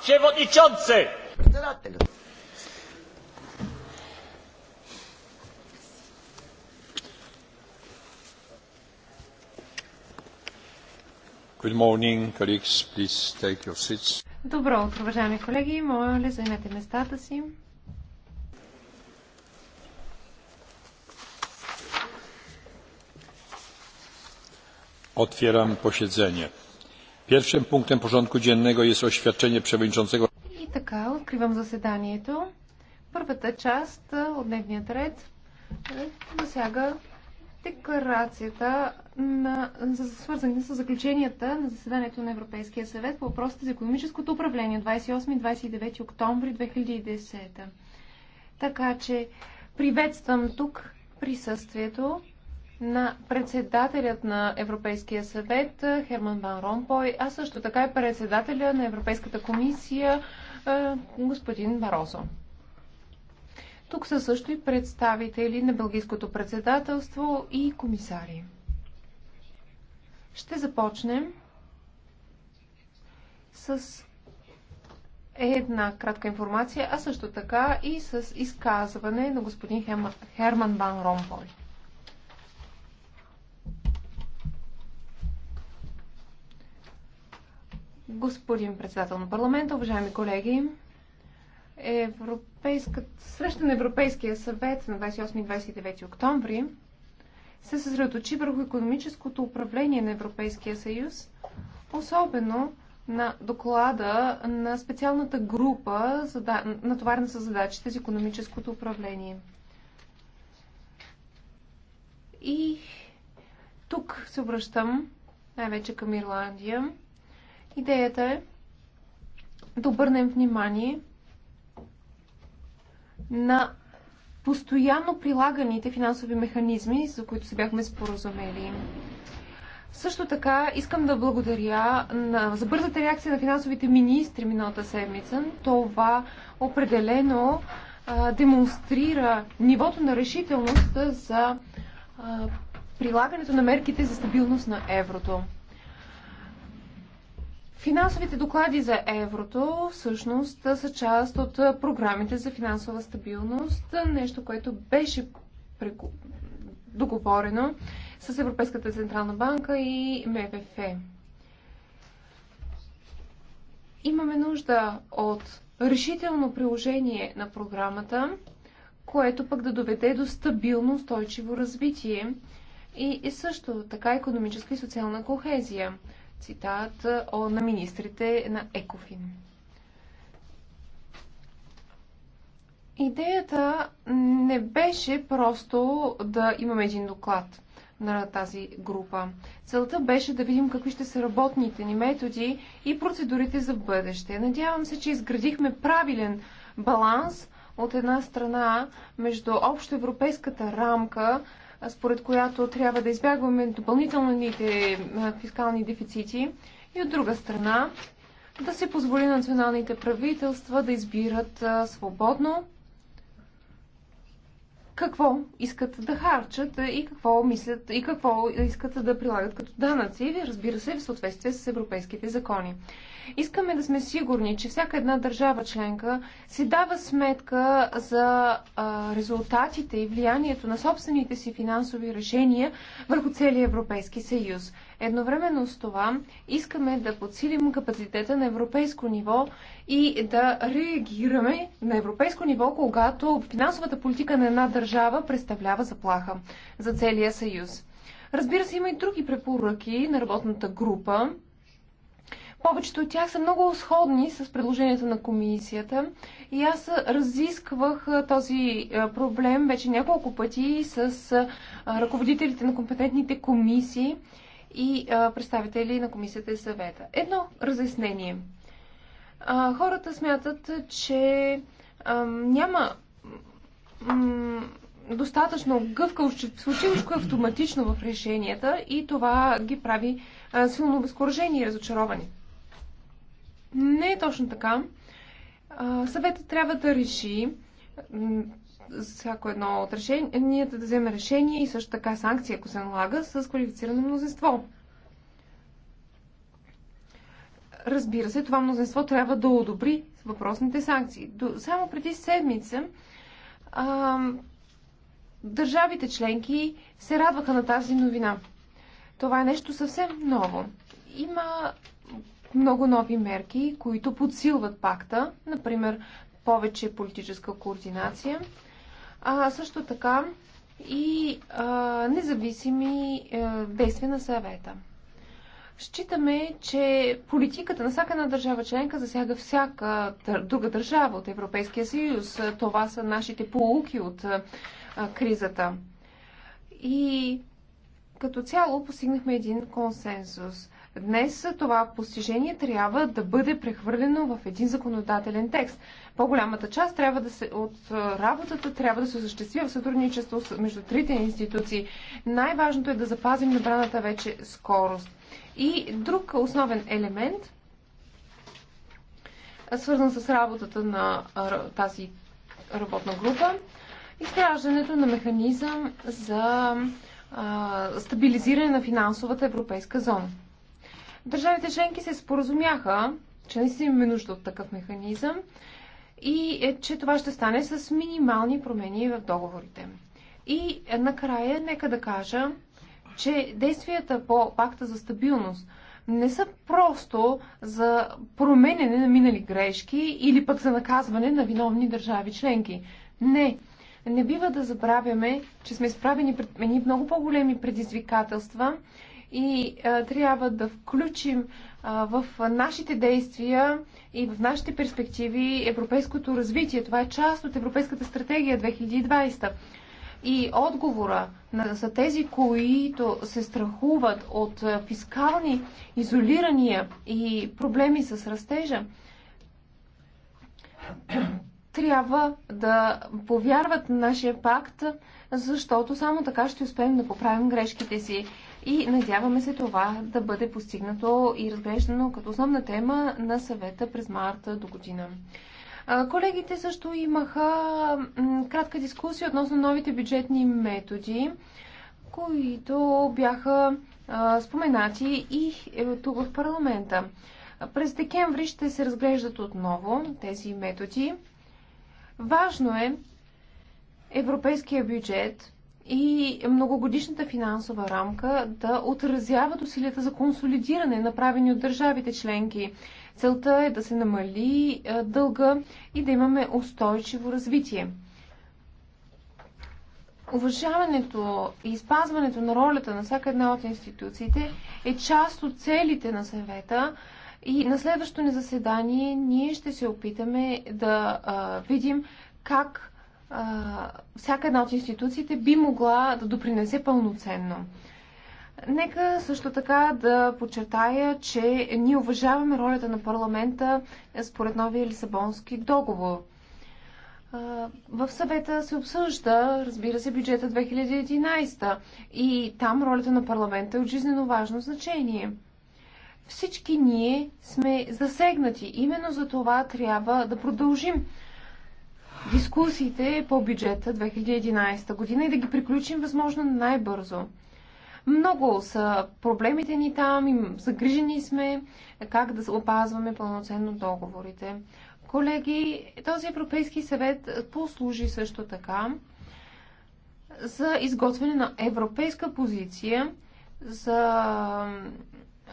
przewodniczący! Good morning, colleagues. Please take your seats. Добро утро, уважаеми колеги. Моля, ли займете местата си. Отварям заседанието. Pierwszym punktem porządku dziennego jest oświadczenie przewodniczącego. И така, откривам заседанието. Първата част от дневния ред е, засяга декларацията на, за свързане с заключенията на заседанието на Европейския съвет по въпросите за економическото управление 28-29 октомври 2010. Така че приветствам тук присъствието на председателят на Европейския съвет Херман Ван Ромпой, а също така и председателя на Европейската комисия господин Барозо. Тук са също и представители на Белгийското председателство и комисари. Ще започнем с една кратка информация, а също така и с изказване на господин Херман Ван Ромпой. Господин председател на парламента, уважаеми колеги, Европейска... среща на Европейския съвет на 28 и 29 октомври се съсредоточи върху економическото управление на Европейския съюз, особено на доклада на специалната група, натоварена с задачите за економическото управление. И тук се обръщам най-вече към Ирландия. Идеята е да обърнем внимание на постоянно прилаганите финансови механизми, за които се бяхме споразумели. Също така искам да благодаря на, за бързата реакция на финансовите министри миналата седмица. Това определено а, демонстрира нивото на решителност за а, прилагането на мерките за стабилност на еврото. Финансовите доклади за еврото всъщност са част от програмите за финансова стабилност, нещо, което беше договорено с Европейската централна банка и МВФ. Имаме нужда от решително приложение на програмата, което пък да доведе до стабилно устойчиво развитие и, и също така економическа и социална кохезия цитат на министрите на Екофин. Идеята не беше просто да имаме един доклад на тази група. Целта беше да видим какви ще са работните ни методи и процедурите за бъдеще. Надявам се, че изградихме правилен баланс от една страна между общоевропейската рамка според която трябва да избягваме допълнителните фискални дефицити и от друга страна да се позволи националните правителства да избират свободно какво искат да харчат и какво мислят и какво искат да прилагат като данъци, разбира се, в съответствие с европейските закони. Искаме да сме сигурни, че всяка една държава членка си дава сметка за резултатите и влиянието на собствените си финансови решения върху целия Европейски съюз. Едновременно с това искаме да подсилим капацитета на европейско ниво и да реагираме на европейско ниво, когато финансовата политика на една държава представлява заплаха за целия съюз. Разбира се, има и други препоръки на работната група, повечето от тях са много сходни с предложенията на комисията и аз разисквах този проблем вече няколко пъти с ръководителите на компетентните комисии и представители на комисията и съвета. Едно разяснение. Хората смятат, че няма достатъчно гъвкаво, случилочко автоматично в решенията и това ги прави силно обезкуражени и разочаровани. Не е точно така. Съветът трябва да реши всяко едно от решенията да вземе решение и също така санкция, ако се налага, с квалифицирано мнозинство. Разбира се, това мнозинство трябва да одобри въпросните санкции. До, само преди седмица а, държавите членки се радваха на тази новина. Това е нещо съвсем ново. Има много нови мерки, които подсилват пакта, например повече политическа координация, а също така и а, независими а, е, действия на съвета. Считаме, че политиката на всяка една държава членка засяга всяка друга държава от Европейския съюз. Това са нашите полуки от а, е, кризата. И като цяло постигнахме един консенсус – Днес това постижение трябва да бъде прехвърлено в един законодателен текст. По-голямата част трябва да се, от работата трябва да се осъществи в сътрудничество между трите институции. Най-важното е да запазим набраната вече скорост. И друг основен елемент, свързан с работата на тази работна група, изграждането на механизъм за а, стабилизиране на финансовата европейска зона. Държавите членки се споразумяха, че не си имаме нужда от такъв механизъм и е, че това ще стане с минимални промени в договорите. И е, накрая, нека да кажа, че действията по пакта за стабилност не са просто за променене на минали грешки или пък за наказване на виновни държави членки. Не. Не бива да забравяме, че сме изправени пред едни много по-големи предизвикателства и а, трябва да включим а, в нашите действия и в нашите перспективи европейското развитие. Това е част от Европейската стратегия 2020. И отговора на, за тези, които се страхуват от фискални изолирания и проблеми с растежа, трябва да повярват на нашия пакт, защото само така ще успеем да поправим грешките си и надяваме се това да бъде постигнато и разглеждано като основна тема на съвета през марта до година. Колегите също имаха кратка дискусия относно новите бюджетни методи, които бяха споменати и е, тук в парламента. През декември ще се разглеждат отново тези методи. Важно е европейския бюджет и многогодишната финансова рамка да отразяват усилията за консолидиране, направени от държавите членки. Целта е да се намали е, дълга и да имаме устойчиво развитие. Уважаването и спазването на ролята на всяка една от институциите е част от целите на съвета и на следващото ни заседание ние ще се опитаме да а, видим как всяка една от институциите би могла да допринесе пълноценно. Нека също така да подчертая, че ние уважаваме ролята на парламента според новия Лисабонски договор. В съвета се обсъжда, разбира се, бюджета 2011 и там ролята на парламента е от жизнено важно значение. Всички ние сме засегнати. Именно за това трябва да продължим дискусиите по бюджета 2011 година и да ги приключим възможно най-бързо. Много са проблемите ни там, и загрижени сме как да опазваме пълноценно договорите. Колеги, този Европейски съвет послужи също така за изготвяне на европейска позиция за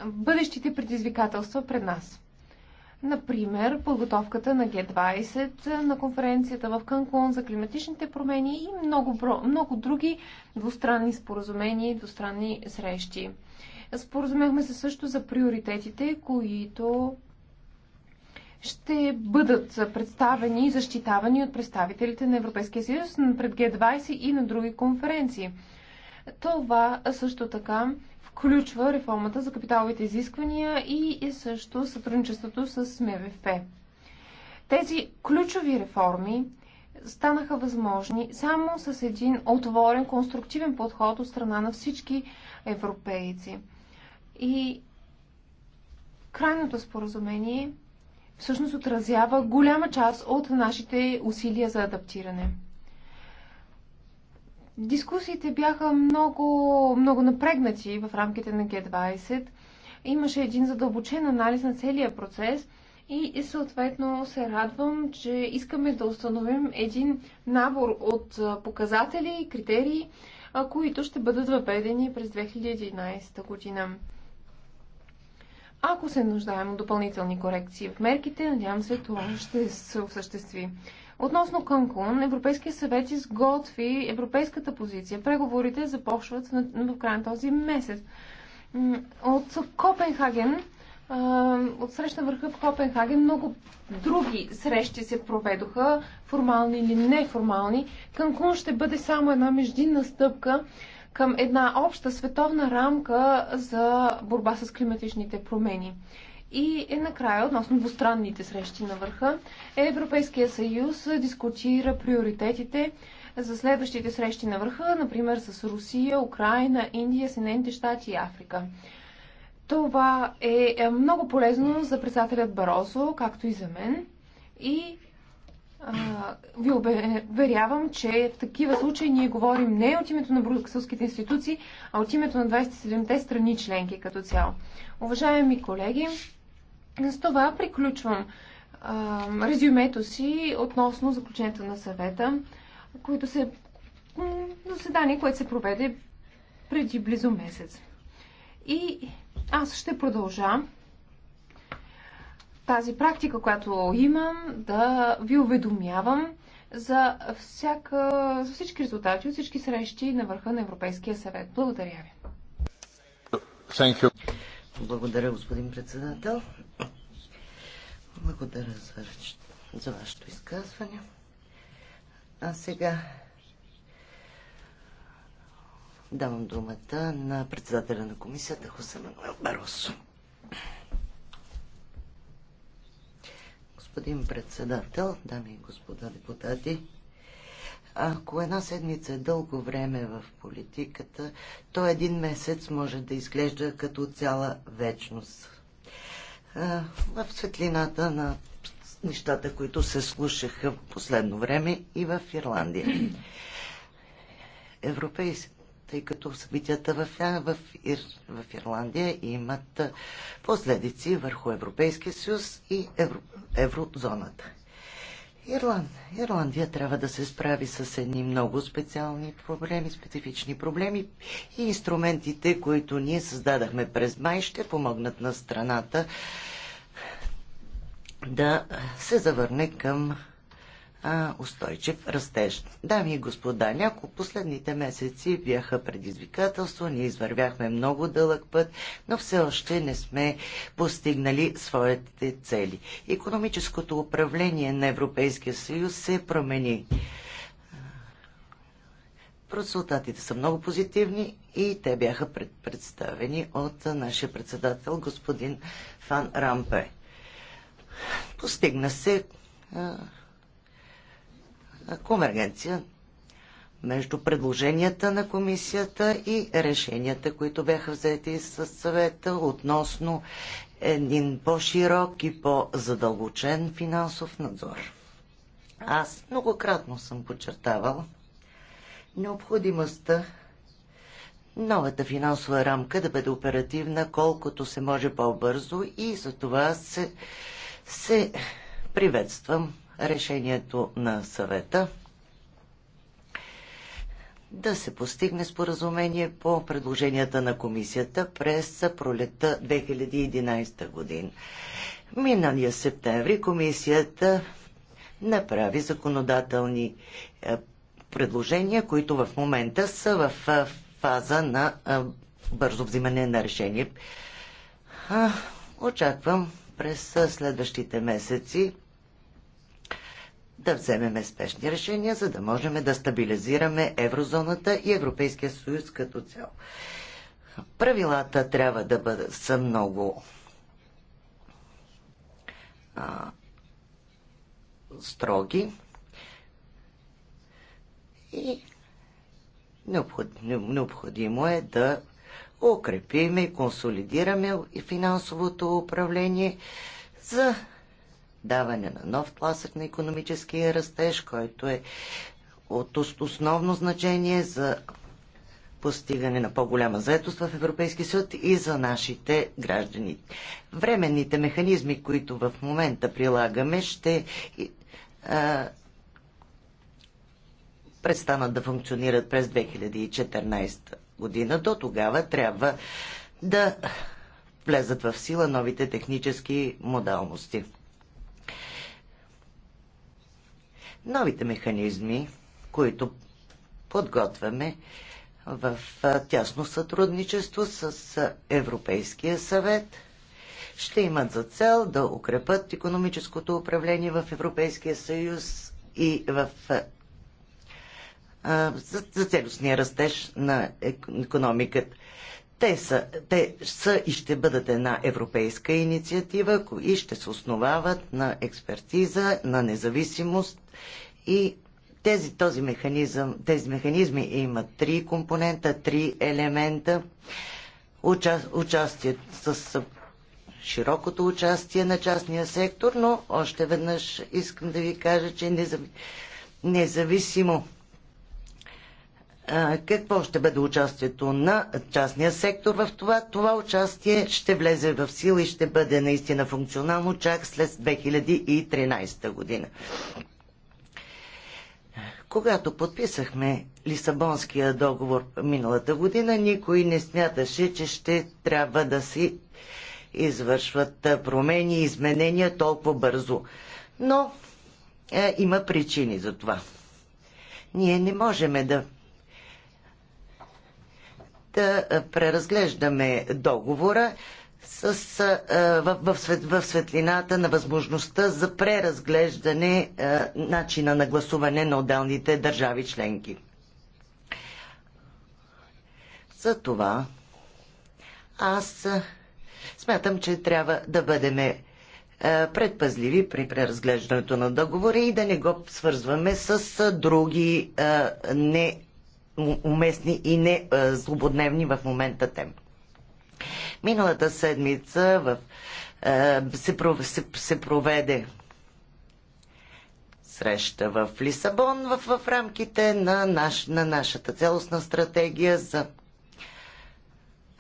бъдещите предизвикателства пред нас. Например, подготовката на Г20, на конференцията в Канкун за климатичните промени и много, много други двустранни споразумения и двустранни срещи. Споразумяхме се също за приоритетите, които ще бъдат представени и защитавани от представителите на Европейския съюз пред Г20 и на други конференции. Това също така включва реформата за капиталовите изисквания и също сътрудничеството с МВФ. Тези ключови реформи станаха възможни само с един отворен, конструктивен подход от страна на всички европейци. И крайното споразумение всъщност отразява голяма част от нашите усилия за адаптиране. Дискусиите бяха много, много напрегнати в рамките на Г20. Имаше един задълбочен анализ на целия процес и съответно се радвам, че искаме да установим един набор от показатели и критерии, които ще бъдат въведени през 2011 година. Ако се нуждаем от допълнителни корекции в мерките, надявам се това ще се осъществи. Относно Канкун, Европейския съвет изготви европейската позиция. Преговорите започват в края на този месец. От Копенхаген от среща върха в Копенхаген много други срещи се проведоха, формални или неформални. Канкун ще бъде само една междинна стъпка към една обща световна рамка за борба с климатичните промени. И е накрая, относно двустранните срещи на върха, Европейския съюз дискутира приоритетите за следващите срещи на върха, например с Русия, Украина, Индия, Съединените щати и Африка. Това е, е много полезно за председателят Барозо, както и за мен. И а, ви уверявам, че в такива случаи ние говорим не от името на брюкселските институции, а от името на 27-те страни членки като цяло. Уважаеми колеги, с това приключвам а, резюмето си относно заключението на съвета, което се заседание, което се проведе преди близо месец. И аз ще продължа тази практика, която имам, да ви уведомявам за, всяка, за всички резултати от всички срещи на върха на Европейския съвет. Благодаря ви. Thank you. Благодаря, господин председател. Благодаря за, за вашето изказване. А сега давам думата на председателя на комисията Хосе Мануел Баросо. Господин председател, дами и господа депутати, ако една седмица е дълго време в политиката, то един месец може да изглежда като цяла вечност. В светлината на нещата, които се слушаха в последно време и в Ирландия. Европейски тъй като събитията в, в, Ир, в Ирландия имат последици върху Европейския съюз и евро, еврозоната. Ирланд, Ирландия трябва да се справи с едни много специални проблеми, специфични проблеми и инструментите, които ние създадахме през май, ще помогнат на страната да се завърне към а, устойчив растеж. Дами и господа, няколко последните месеци бяха предизвикателство, ние извървяхме много дълъг път, но все още не сме постигнали своите цели. Економическото управление на Европейския съюз се промени. Резултатите са много позитивни и те бяха представени от нашия председател господин Фан Рампе. Постигна се конвергенция между предложенията на комисията и решенията, които бяха взети с съвета относно един по-широк и по-задълбочен финансов надзор. Аз многократно съм подчертавал необходимостта новата финансова рамка да бъде оперативна колкото се може по-бързо и за това се, се приветствам решението на съвета да се постигне споразумение по предложенията на комисията през пролетта 2011 година. Миналия септември комисията направи законодателни е, предложения, които в момента са в е, фаза на е, бързо взимане на решение. Очаквам през следващите месеци да вземеме спешни решения, за да можем да стабилизираме еврозоната и Европейския съюз като цяло. Правилата трябва да бъдат, са много а, строги и необходимо е да укрепиме и консолидираме финансовото управление за даване на нов тласък на економическия растеж, който е от основно значение за постигане на по-голяма заетост в Европейски съд и за нашите граждани. Временните механизми, които в момента прилагаме, ще а, престанат да функционират през 2014 година. До тогава трябва да влезат в сила новите технически модалности. новите механизми, които подготвяме в тясно сътрудничество с Европейския съвет, ще имат за цел да укрепат економическото управление в Европейския съюз и в за, за целостния растеж на економиката. Те са, те са и ще бъдат една европейска инициатива и ще се основават на експертиза, на независимост и тези, този механизъм, тези механизми имат три компонента, три елемента. Уча, участие с широкото участие на частния сектор, но още веднъж искам да ви кажа, че независимо какво ще бъде участието на частния сектор в това? Това участие ще влезе в сила и ще бъде наистина функционално чак след 2013 година. Когато подписахме Лисабонския договор миналата година, никой не смяташе, че ще трябва да си извършват промени и изменения толкова бързо. Но е, има причини за това. Ние не можем да да преразглеждаме договора с, в, в, свет, в светлината на възможността за преразглеждане начина на гласуване на отделните държави членки. За това аз смятам, че трябва да бъдеме предпазливи при преразглеждането на договора и да не го свързваме с други неуместни и не злободневни в момента теми. Миналата седмица в, е, се, се, се проведе среща в Лисабон в, в рамките на, наш, на нашата целостна стратегия за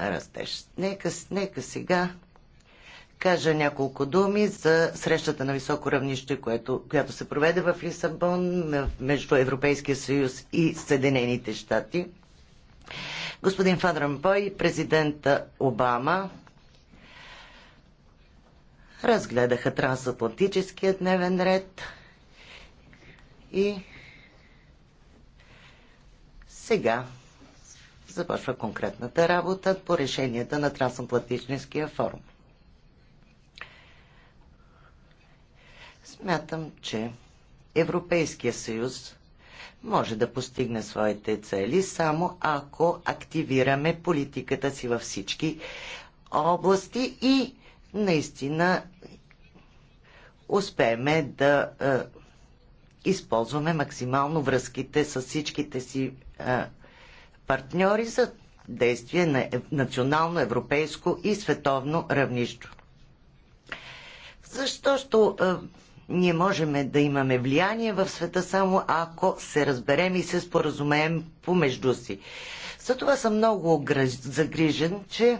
растеж. Нека, нека сега кажа няколко думи за срещата на високо равнище, което, която се проведе в Лисабон между Европейския съюз и Съединените щати господин Пой, президента Обама разгледаха трансатлантическия дневен ред и сега започва конкретната работа по решенията на Трансатлантическия форум. Смятам, че Европейския съюз може да постигне своите цели само ако активираме политиката си във всички области и наистина успееме да е, използваме максимално връзките с всичките си е, партньори за действие на национално, европейско и световно равнище. Защото е, ние можем да имаме влияние в света само ако се разберем и се споразумеем помежду си. Затова съм много загрижен, че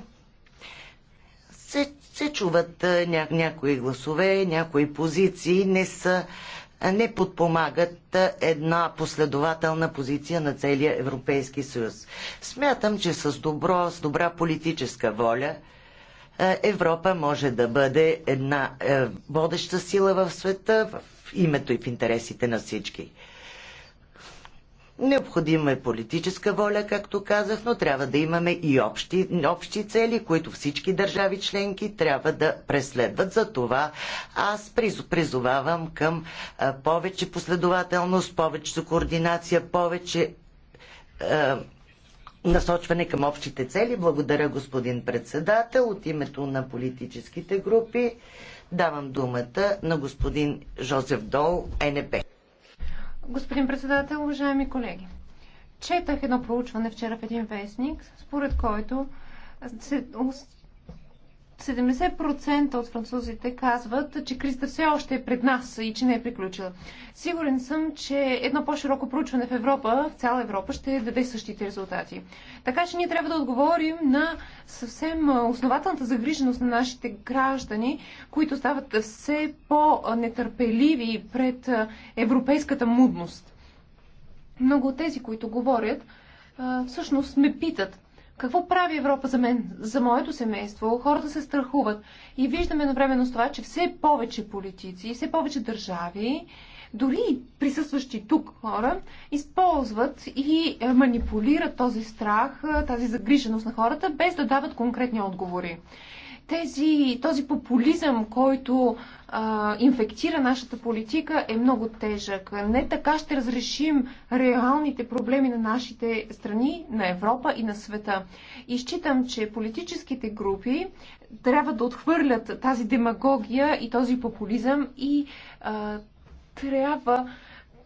се, се чуват ня, някои гласове, някои позиции, не са не подпомагат една последователна позиция на целия Европейски съюз. Смятам, че с, добро, с добра политическа воля е, Европа може да бъде една е, водеща сила в света в името и в интересите на всички. Необходима е политическа воля, както казах, но трябва да имаме и общи, общи цели, които всички държави членки трябва да преследват. За това аз призовавам към е, повече последователност, повече координация, повече насочване към общите цели. Благодаря, господин председател. От името на политическите групи давам думата на господин Жозеф Дол, НП. Господин председател, уважаеми колеги, четах едно проучване вчера в един вестник, според който се 70% от французите казват, че кризата все още е пред нас и че не е приключила. Сигурен съм, че едно по-широко проучване в Европа, в цяла Европа, ще даде същите резултати. Така че ние трябва да отговорим на съвсем основателната загриженост на нашите граждани, които стават все по-нетърпеливи пред европейската мудност. Много от тези, които говорят, всъщност ме питат – какво прави Европа за мен, за моето семейство? Хората се страхуват и виждаме едновременно с това, че все повече политици, все повече държави, дори и присъстващи тук хора, използват и е, манипулират този страх, е, тази загриженост на хората, без да дават конкретни отговори. Тези, този популизъм, който а, инфектира нашата политика, е много тежък. Не така ще разрешим реалните проблеми на нашите страни, на Европа и на света. И считам, че политическите групи трябва да отхвърлят тази демагогия и този популизъм и а, трябва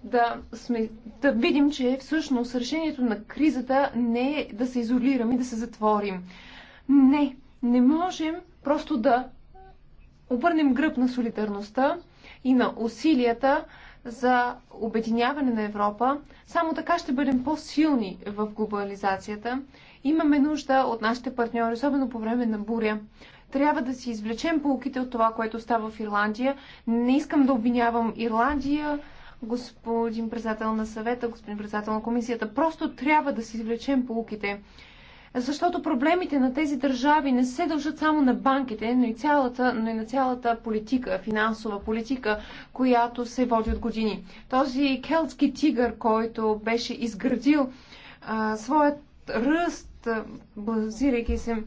да, сме, да видим, че всъщност решението на кризата не е да се изолираме, да се затворим. Не, не можем просто да обърнем гръб на солидарността и на усилията за обединяване на Европа. Само така ще бъдем по-силни в глобализацията. Имаме нужда от нашите партньори, особено по време на буря. Трябва да си извлечем полуките от това, което става в Ирландия. Не искам да обвинявам Ирландия, господин председател на съвета, господин председател на комисията. Просто трябва да си извлечем полуките. Защото проблемите на тези държави не се дължат само на банките, но и, цялата, но и на цялата политика, финансова политика, която се води от години. Този келтски тигър, който беше изградил а, своят ръст, базирайки се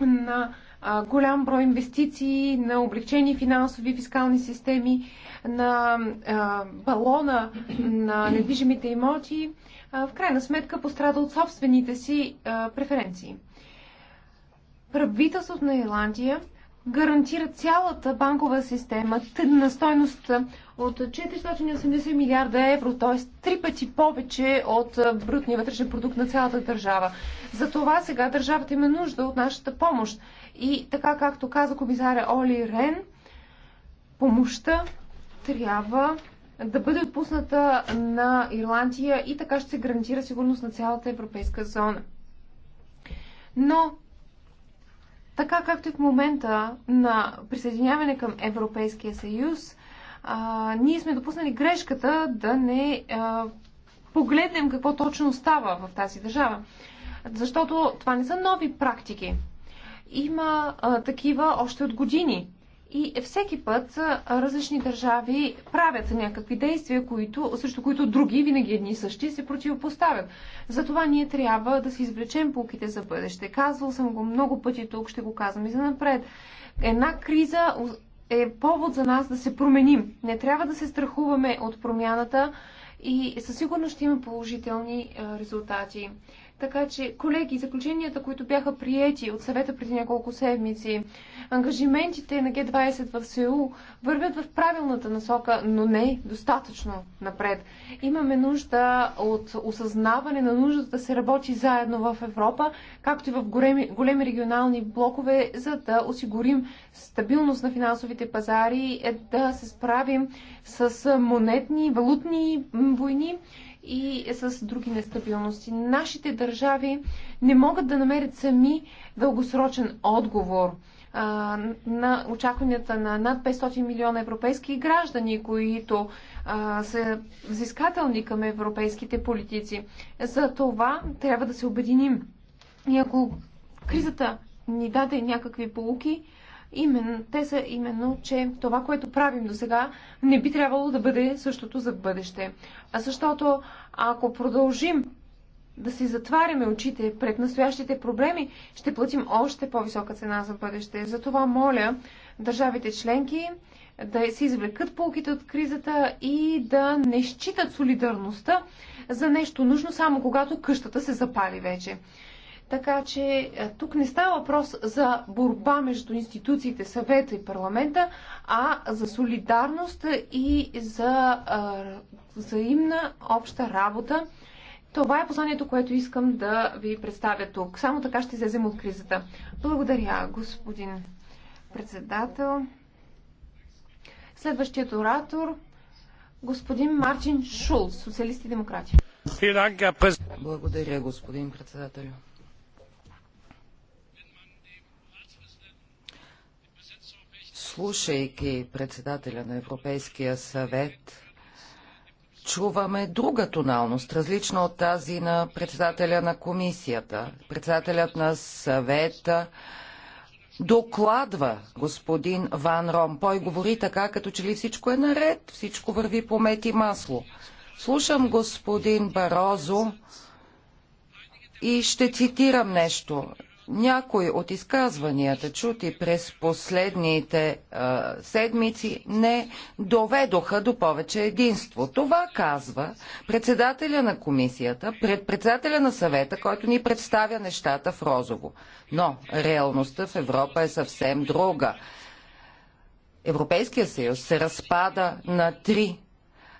на а, голям брой инвестиции, на облегчени финансови фискални системи, на а, балона на недвижимите имоти, в крайна сметка пострада от собствените си преференции. Правителството на Ирландия гарантира цялата банкова система на стойност от 480 милиарда евро, т.е. три пъти повече от брутния вътрешен продукт на цялата държава. За това сега държавата има нужда от нашата помощ. И така както каза комисаря Оли Рен, помощта трябва да бъде отпусната на Ирландия и така ще се гарантира сигурност на цялата европейска зона. Но, така както и в момента на присъединяване към Европейския съюз, а, ние сме допуснали грешката да не а, погледнем какво точно става в тази държава. Защото това не са нови практики. Има а, такива още от години. И всеки път различни държави правят някакви действия, които, срещу които други, винаги едни и същи, се противопоставят. Затова ние трябва да си извлечем полките за бъдеще. Казвал съм го много пъти тук, ще го казвам и за напред. Една криза е повод за нас да се променим. Не трябва да се страхуваме от промяната и със сигурност ще има положителни резултати. Така че, колеги, заключенията, които бяха приети от съвета преди няколко седмици, ангажиментите на Г-20 в СЕУ вървят в правилната насока, но не достатъчно напред. Имаме нужда от осъзнаване на нуждата да се работи заедно в Европа, както и в големи, големи регионални блокове, за да осигурим стабилност на финансовите пазари, е да се справим с монетни, валутни войни и с други нестабилности. Нашите държави не могат да намерят сами дългосрочен отговор а, на очакванията на над 500 милиона европейски граждани, които а, са взискателни към европейските политици. За това трябва да се обединим. И ако кризата ни даде някакви полуки, именно, те са именно, че това, което правим до сега, не би трябвало да бъде същото за бъдеще. А защото ако продължим да си затваряме очите пред настоящите проблеми, ще платим още по-висока цена за бъдеще. Затова моля държавите членки да се извлекат полките от кризата и да не считат солидарността за нещо нужно, само когато къщата се запали вече. Така че е, тук не става въпрос за борба между институциите, съвета и парламента, а за солидарност и за е, взаимна обща работа. Това е посланието, което искам да ви представя тук. Само така ще излезем от кризата. Благодаря, господин председател. Следващият оратор господин Мартин Шулц, социалисти и демократи. Благодаря, господин председател. слушайки председателя на Европейския съвет, чуваме друга тоналност, различна от тази на председателя на комисията. Председателят на съвета докладва господин Ван Ромпой. Говори така, като че ли всичко е наред, всичко върви по мет и масло. Слушам господин Барозо и ще цитирам нещо. Някои от изказванията, чути през последните а, седмици, не доведоха до повече единство. Това казва председателя на комисията, пред председателя на съвета, който ни представя нещата в Розово. Но реалността в Европа е съвсем друга. Европейския съюз се разпада на три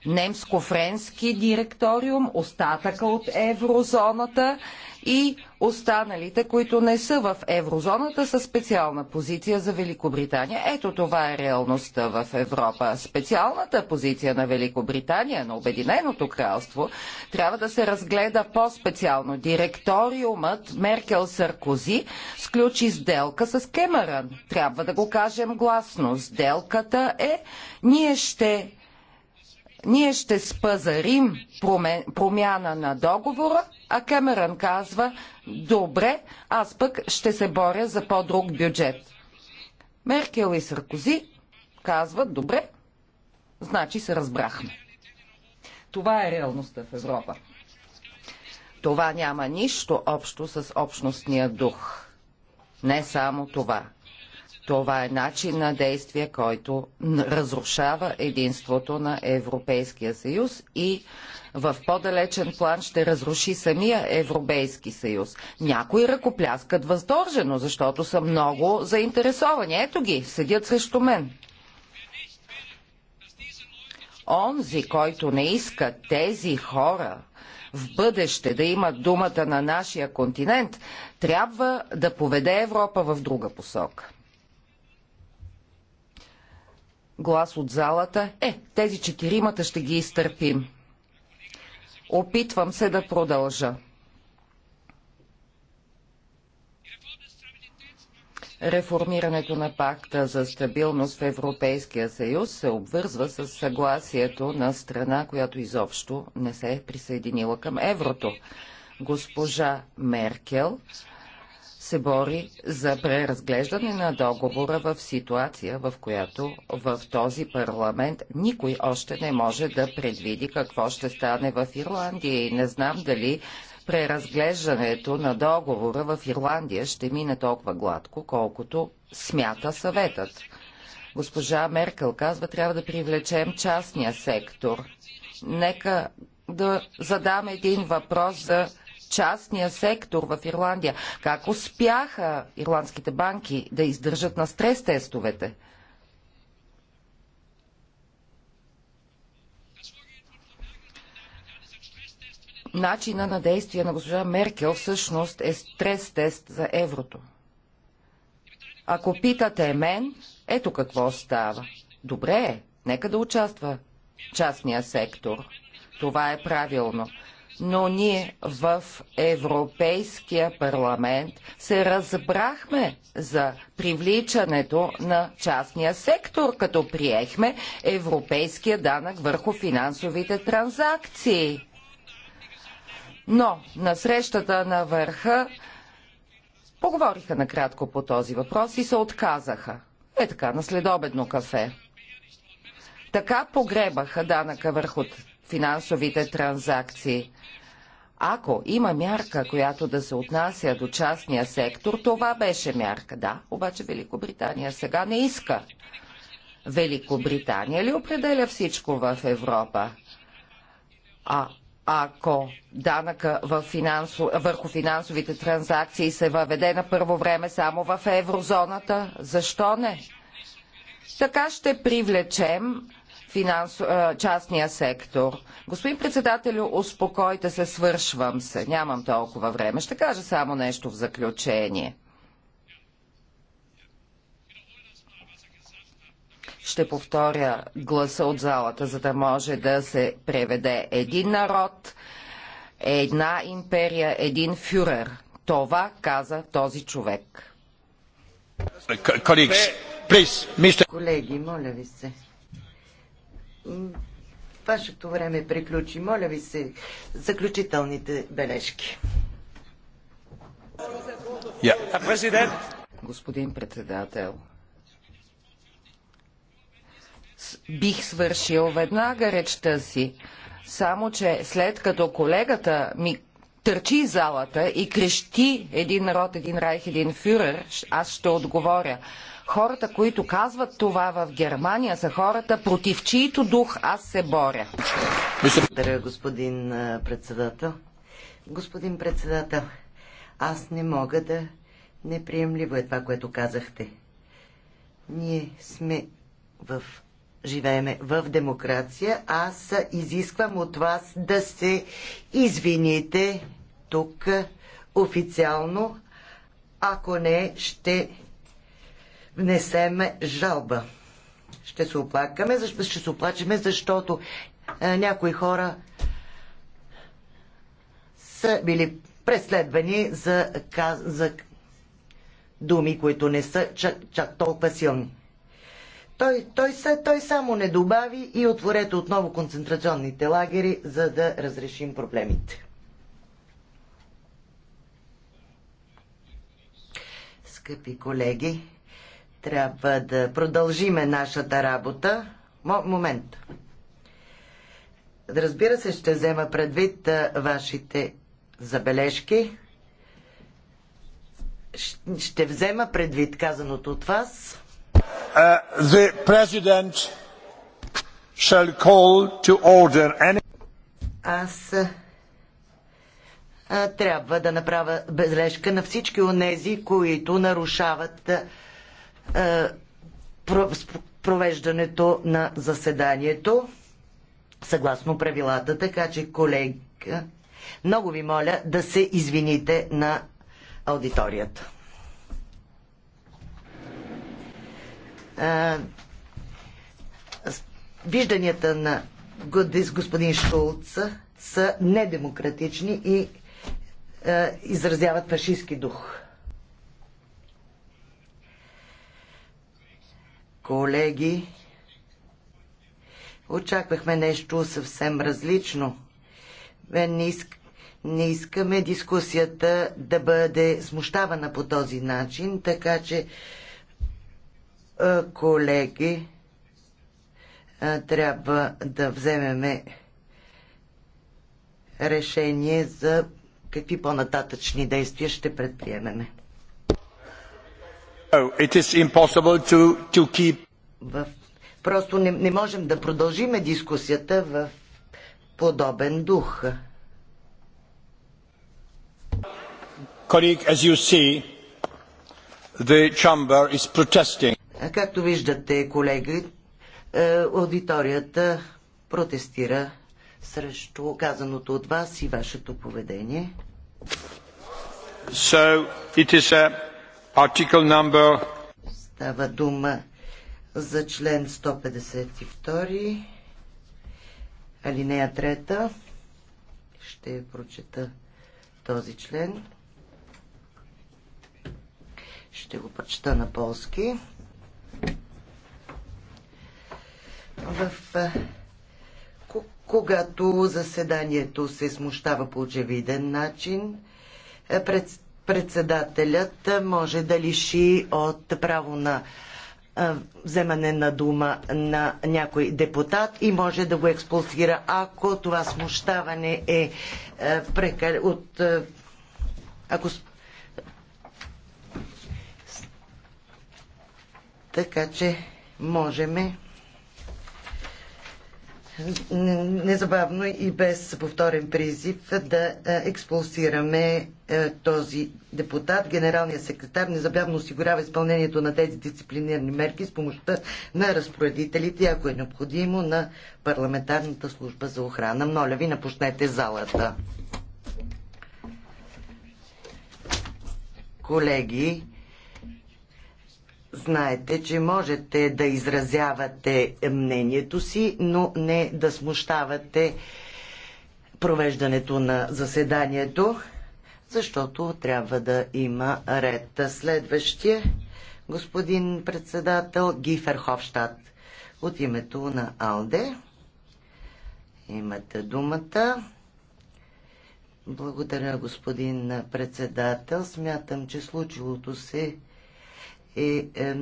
немско-френски директориум, остатъка от еврозоната и останалите, които не са в еврозоната, са специална позиция за Великобритания. Ето това е реалността в Европа. Специалната позиция на Великобритания, на Обединеното кралство, трябва да се разгледа по-специално. Директориумът Меркел Саркози сключи сделка с Кемерън. Трябва да го кажем гласно. Сделката е ние ще ние ще спазарим промяна на договора, а Кемерън казва, добре, аз пък ще се боря за по-друг бюджет. Меркел и Саркози казват, добре, значи се разбрахме. Това е реалността в Европа. Това няма нищо общо с общностния дух. Не само това. Това е начин на действие, който разрушава единството на Европейския съюз и в по-далечен план ще разруши самия Европейски съюз. Някои ръкопляскат въздържано, защото са много заинтересовани. Ето ги, седят срещу мен. Онзи, който не иска тези хора в бъдеще да имат думата на нашия континент, трябва да поведе Европа в друга посока глас от залата, е, тези четиримата ще ги изтърпим. Опитвам се да продължа. Реформирането на пакта за стабилност в Европейския съюз се обвързва с съгласието на страна, която изобщо не се е присъединила към еврото. Госпожа Меркел се бори за преразглеждане на договора в ситуация, в която в този парламент никой още не може да предвиди какво ще стане в Ирландия и не знам дали преразглеждането на договора в Ирландия ще мине толкова гладко, колкото смята съветът. Госпожа Меркел казва, трябва да привлечем частния сектор. Нека да задам един въпрос за частния сектор в Ирландия. Как успяха ирландските банки да издържат на стрес тестовете? Начина на действие на госпожа Меркел всъщност е стрес-тест за еврото. Ако питате мен, ето какво става. Добре, нека да участва частния сектор. Това е правилно но ние в Европейския парламент се разбрахме за привличането на частния сектор, като приехме европейския данък върху финансовите транзакции. Но на срещата на върха поговориха накратко по този въпрос и се отказаха. Е така, на следобедно кафе. Така погребаха данъка върху финансовите транзакции. Ако има мярка, която да се отнася до частния сектор, това беше мярка, да, обаче Великобритания сега не иска. Великобритания ли определя всичко в Европа? А ако данъка финансов, върху финансовите транзакции се въведе на първо време само в еврозоната, защо не? Така ще привлечем финансо, частния сектор. Господин председателю, успокойте се, свършвам се. Нямам толкова време. Ще кажа само нещо в заключение. Ще повторя гласа от залата, за да може да се преведе един народ, една империя, един фюрер. Това каза този човек. Колеги, моля ви се. Вашето време приключи. Моля ви се, заключителните бележки. Yeah. Господин председател, бих свършил веднага речта си, само че след като колегата ми търчи залата и крещи един народ, един райх, един фюрер, аз ще отговоря. Хората, които казват това в Германия, са хората, против чието дух аз се боря. Благодаря, господин председател. Господин председател, аз не мога да... Неприемливо е това, което казахте. Ние сме в живееме в демокрация, аз изисквам от вас да се извините тук официално. Ако не, ще внесеме жалба. Ще се оплакаме, ще се оплачеме, защото е, някои хора са били преследвани за, за думи, които не са чак, чак толкова силни. Той, той, са, той само не добави и отворете отново концентрационните лагери, за да разрешим проблемите. Скъпи колеги, трябва да продължиме нашата работа. М- момент. Разбира се, ще взема предвид вашите забележки. Ще взема предвид казаното от вас. Uh, the president shall call to order any... Аз а, трябва да направя бележка на всички онези, които нарушават е, провеждането на заседанието съгласно правилата. Така че, колега, много ви моля да се извините на аудиторията. Е, вижданията на господин Шулц са недемократични и е, изразяват фашистски дух. Колеги, очаквахме нещо съвсем различно. Не, иск, не искаме дискусията да бъде смущавана по този начин, така че, е, колеги, е, трябва да вземеме решение за какви по-нататъчни действия ще предприемеме. Oh, просто не, не можем да продължиме дискусията в подобен дух. Colleague, as you see, the chamber is protesting. Както виждате, колеги, е, аудиторията протестира срещу казаното от вас и вашето поведение. So, it is a Number... Става дума за член 152, алинея 3. Ще прочета този член. Ще го прочета на полски. В когато заседанието се смущава по очевиден начин, е, пред председателят може да лиши от право на вземане на дума на някой депутат и може да го експулсира, ако това смущаване е, е прекал... от... Е, ако... Така че можеме незабавно и без повторен призив да е, експулсираме е, този депутат. Генералният секретар незабавно осигурява изпълнението на тези дисциплинирани мерки с помощта на разпоредителите, ако е необходимо, на парламентарната служба за охрана. Моля ви, напуснете залата. Колеги, знаете, че можете да изразявате мнението си, но не да смущавате провеждането на заседанието, защото трябва да има ред. Следващия господин председател Гифер Ховштадт от името на АЛДЕ. Имате думата. Благодаря, господин председател. Смятам, че случилото се е, е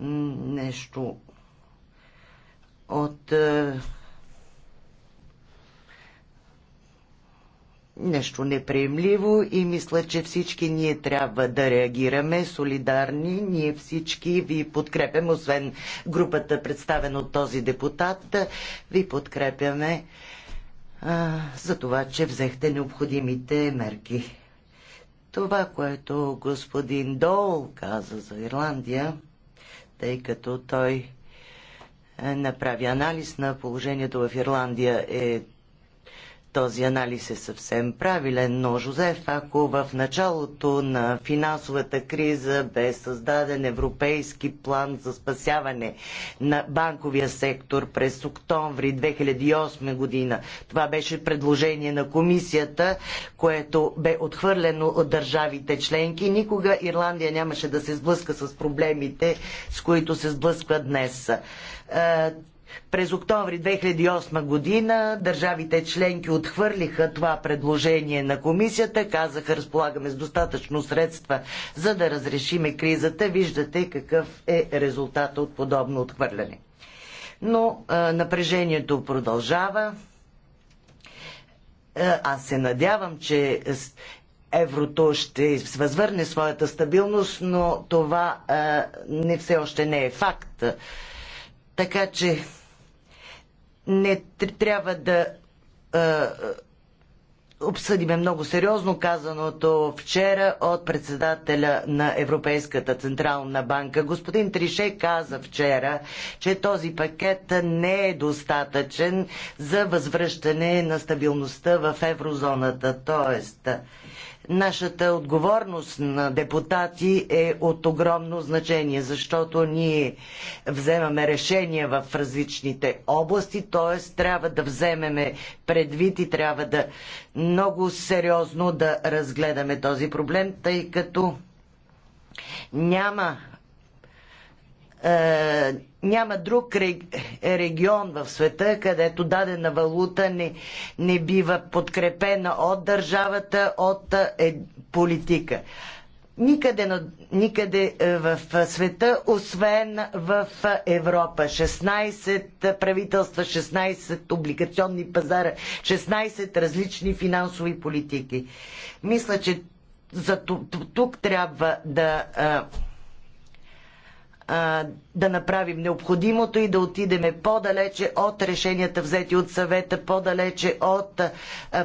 нещо от е, нещо неприемливо и мисля, че всички ние трябва да реагираме солидарни. Ние всички ви подкрепяме, освен групата представена от този депутат, ви подкрепяме за това, че взехте необходимите мерки. Това, което господин Дол каза за Ирландия, тъй като той е, направи анализ на положението в Ирландия, е този анализ е съвсем правилен, но Жозеф, ако в началото на финансовата криза бе създаден европейски план за спасяване на банковия сектор през октомври 2008 година, това беше предложение на комисията, което бе отхвърлено от държавите членки, никога Ирландия нямаше да се сблъска с проблемите, с които се сблъсква днес е, през октомври 2008 година държавите членки отхвърлиха това предложение на комисията, казаха разполагаме с достатъчно средства за да разрешиме кризата. Виждате какъв е резултат от подобно отхвърляне. Но а, напрежението продължава. Аз се надявам, че еврото ще възвърне своята стабилност, но това а, не все още не е факт. Така че не трябва да обсъдиме много сериозно казаното вчера от председателя на Европейската централна банка. Господин Трише каза вчера, че този пакет не е достатъчен за възвръщане на стабилността в еврозоната. Тоест, Нашата отговорност на депутати е от огромно значение, защото ние вземаме решения в различните области, т.е. трябва да вземеме предвид и трябва да много сериозно да разгледаме този проблем, тъй като няма е, няма друг регион в света, където дадена валута не, не бива подкрепена от държавата, от е, политика. Никъде, никъде е, в света, освен в Европа. 16 правителства, 16 облигационни пазара, 16 различни финансови политики. Мисля, че за тук, тук трябва да. А, е, да направим необходимото и да отидем по-далече от решенията взети от съвета, по-далече от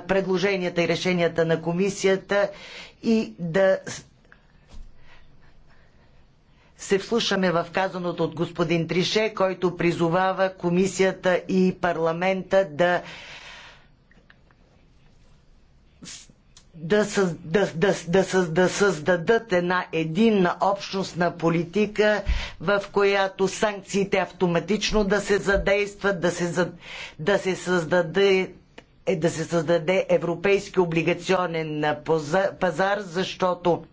предложенията и решенията на комисията и да се вслушаме в казаното от господин Трише, който призовава комисията и парламента да да, съз, да, да, да, съз, да създадат една единна общностна политика, в която санкциите автоматично да се задействат, да се, да се създаде е, да се създаде европейски облигационен пазар, защото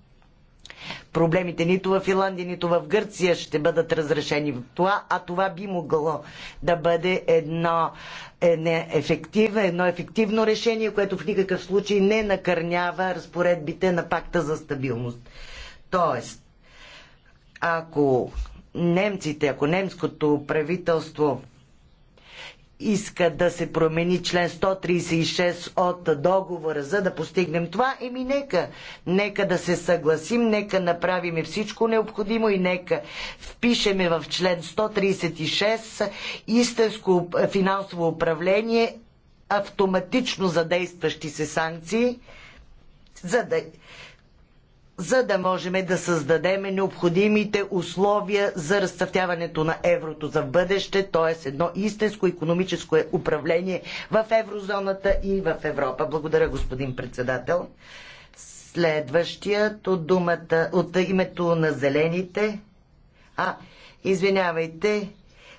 проблемите нито в Финландия, нито в Гърция ще бъдат разрешени. Това, а това би могло да бъде едно, едно, ефективно, едно ефективно решение, което в никакъв случай не накърнява разпоредбите на пакта за стабилност. Тоест, ако немците, ако немското правителство иска да се промени член 136 от договора, за да постигнем това, еми нека, нека да се съгласим, нека направим всичко необходимо и нека впишеме в член 136 истинско финансово управление, автоматично задействащи се санкции, за да за да можем да създадем необходимите условия за разцъфтяването на еврото за бъдеще, т.е. едно истинско економическо управление в еврозоната и в Европа. Благодаря, господин председател. Следващият от думата, от името на зелените. А, извинявайте.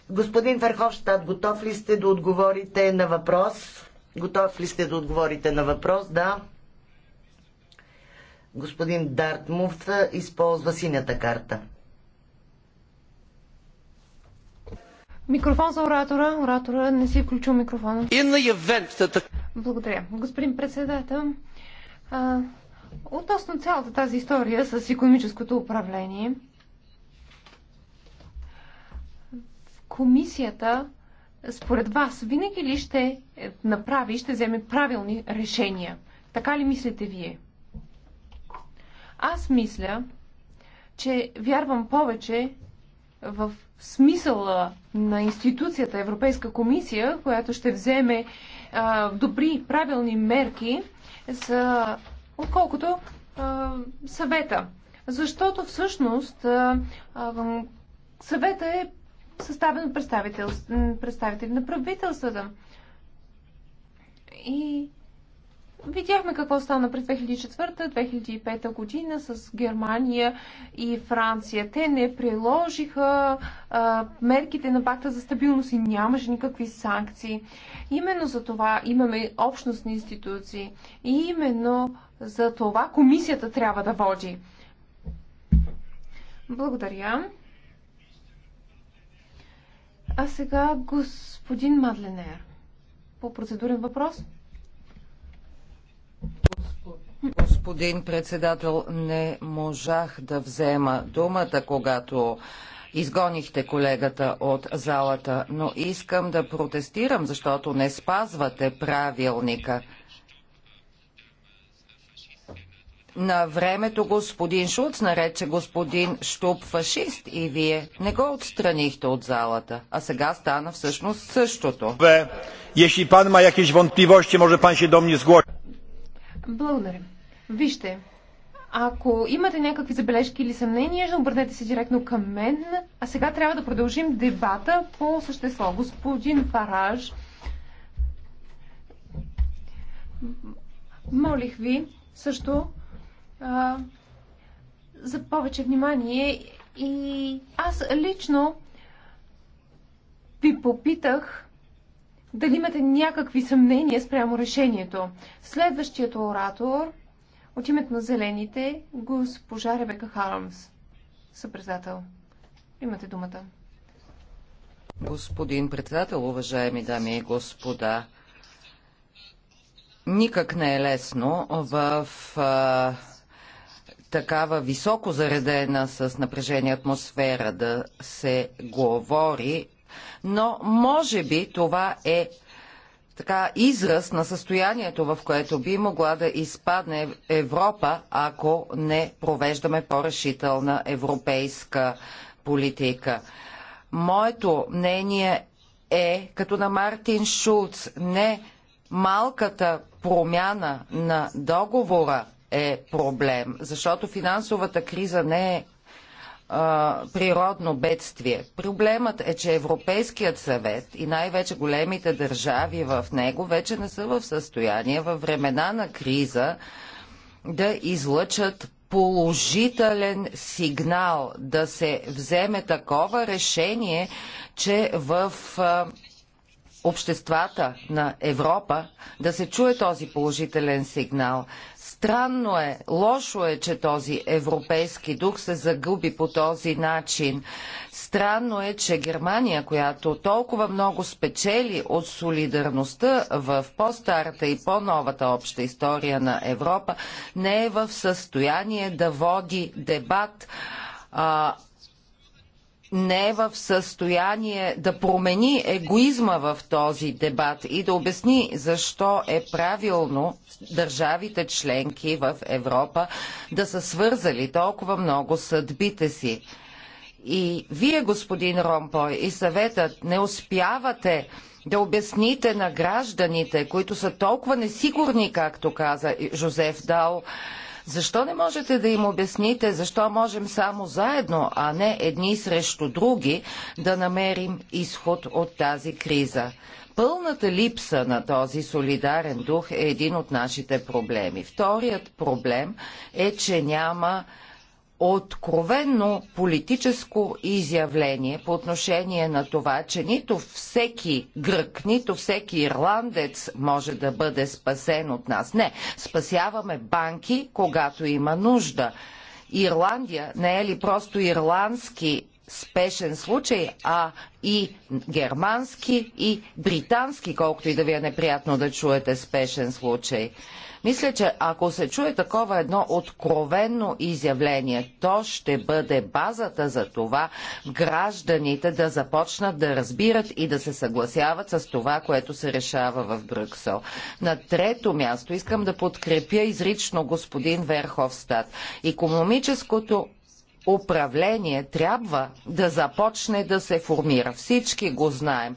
Господин Верховщад, готов ли сте да отговорите на въпрос? Готов ли сте да отговорите на въпрос? Да господин Дартмуф е, използва синята карта. Микрофон за оратора. Оратора не си е включил микрофона. The... Благодаря. Господин председател, а, относно цялата тази история с економическото управление, комисията според вас винаги ли ще направи, ще вземе правилни решения? Така ли мислите вие? Аз мисля, че вярвам повече в смисъла на институцията Европейска комисия, която ще вземе а, добри, правилни мерки, за, отколкото а, съвета. Защото всъщност а, а, съвета е съставен от представител, представители на правителствата. И Видяхме какво стана през 2004-2005 година с Германия и Франция. Те не приложиха а, мерките на пакта за стабилност и нямаше никакви санкции. Именно за това имаме общностни институции. И именно за това комисията трябва да води. Благодаря. А сега господин Мадленер. По процедурен въпрос. Господин председател, не можах да взема думата, когато изгонихте колегата от залата, но искам да протестирам, защото не спазвате правилника. На времето господин Шуц нарече господин Штуб фашист и вие не го отстранихте от залата. А сега стана всъщност същото. Ако pan ma jakieś wątpliwości, może pan się do мен благодаря. Вижте, ако имате някакви забележки или съмнения, обърнете се директно към мен. А сега трябва да продължим дебата по същество. Господин Фараж, молих ви също а, за повече внимание и аз лично ви попитах дали имате някакви съмнения спрямо решението. Следващият оратор от името на зелените, госпожа Ребека Харамс, съпредседател. Имате думата. Господин председател, уважаеми дами и господа, никак не е лесно в а, такава високо заредена с напрежение атмосфера да се говори но може би това е така израз на състоянието, в което би могла да изпадне Европа, ако не провеждаме по-решителна европейска политика. Моето мнение е, като на Мартин Шулц, не малката промяна на договора е проблем, защото финансовата криза не е природно бедствие. Проблемът е, че Европейският съвет и най-вече големите държави в него вече не са в състояние във времена на криза да излъчат положителен сигнал, да се вземе такова решение, че в обществата на Европа да се чуе този положителен сигнал. Странно е, лошо е, че този европейски дух се загуби по този начин. Странно е, че Германия, която толкова много спечели от солидарността в по-старата и по-новата обща история на Европа, не е в състояние да води дебат а, не е в състояние да промени егоизма в този дебат и да обясни защо е правилно държавите членки в Европа да са свързали толкова много съдбите си. И вие, господин Ромпой, и съветът не успявате да обясните на гражданите, които са толкова несигурни, както каза Жозеф Дал, защо не можете да им обясните защо можем само заедно, а не едни срещу други, да намерим изход от тази криза? Пълната липса на този солидарен дух е един от нашите проблеми. Вторият проблем е, че няма откровенно политическо изявление по отношение на това, че нито всеки грък, нито всеки ирландец може да бъде спасен от нас. Не, спасяваме банки, когато има нужда. Ирландия не е ли просто ирландски спешен случай, а и германски, и британски, колкото и да ви е неприятно да чуете спешен случай. Мисля, че ако се чуе такова едно откровенно изявление, то ще бъде базата за това гражданите да започнат да разбират и да се съгласяват с това, което се решава в Брюксел. На трето място искам да подкрепя изрично господин Верховстат. Економическото управление трябва да започне да се формира. Всички го знаем.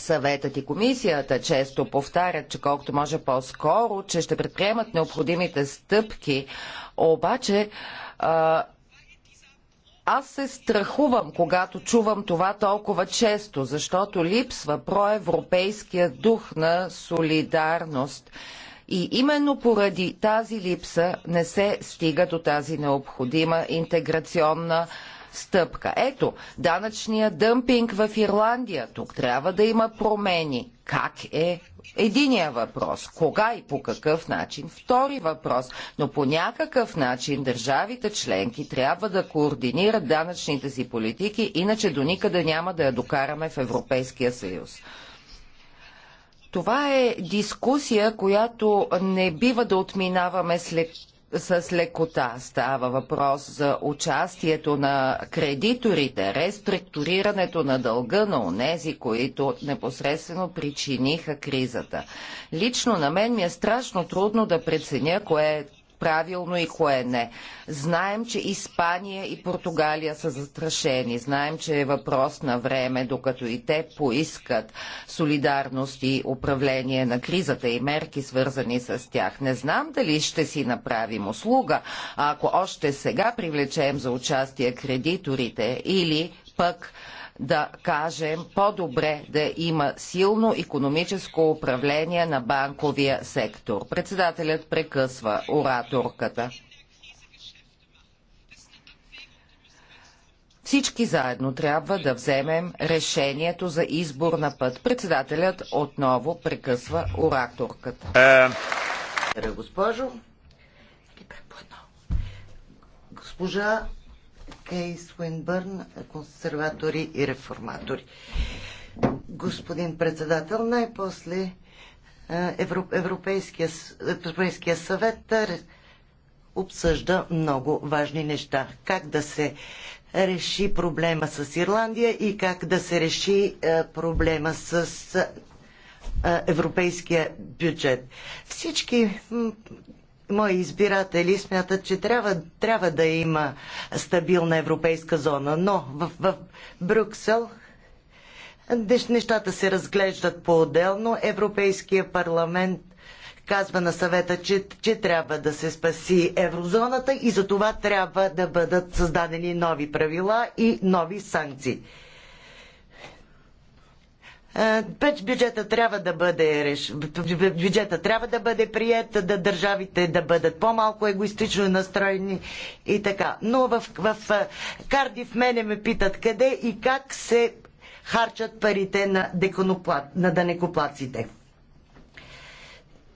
Съветът и комисията често повтарят, че колкото може по-скоро, че ще предприемат необходимите стъпки, обаче а, аз се страхувам, когато чувам това толкова често, защото липсва проевропейския дух на солидарност. И именно поради тази липса не се стига до тази необходима интеграционна стъпка. Ето, данъчния дъмпинг в Ирландия. Тук трябва да има промени. Как е единия въпрос? Кога и по какъв начин? Втори въпрос. Но по някакъв начин държавите членки трябва да координират данъчните си политики, иначе до никъде няма да я докараме в Европейския съюз. Това е дискусия, която не бива да отминаваме след с лекота. Става въпрос за участието на кредиторите, реструктурирането на дълга на онези, които непосредствено причиниха кризата. Лично на мен ми е страшно трудно да преценя кое е правилно и кое не. Знаем, че Испания и Португалия са застрашени. Знаем, че е въпрос на време, докато и те поискат солидарност и управление на кризата и мерки, свързани с тях. Не знам дали ще си направим услуга, ако още сега привлечем за участие кредиторите или пък да кажем по-добре да има силно економическо управление на банковия сектор. Председателят прекъсва ораторката. Всички заедно трябва да вземем решението за избор на път. Председателят отново прекъсва ораторката. Е... Госпожо, госпожа Кей Суинбърн, консерватори и реформатори. Господин председател, най-после е, Европейския, Европейския съвет обсъжда много важни неща. Как да се реши проблема с Ирландия и как да се реши е, проблема с е, европейския бюджет. Всички мои избиратели смятат, че трябва, трябва да има стабилна европейска зона, но в, в Брюксел нещата се разглеждат по-отделно. Европейския парламент казва на съвета, че, че трябва да се спаси еврозоната и за това трябва да бъдат създадени нови правила и нови санкции. Е, бюджета трябва да бъде реш... бюджета трябва да бъде прият, да държавите да бъдат по-малко егоистично настроени и така. Но в, в е, мене ме питат къде и как се харчат парите на, деконопла... на данекоплаците.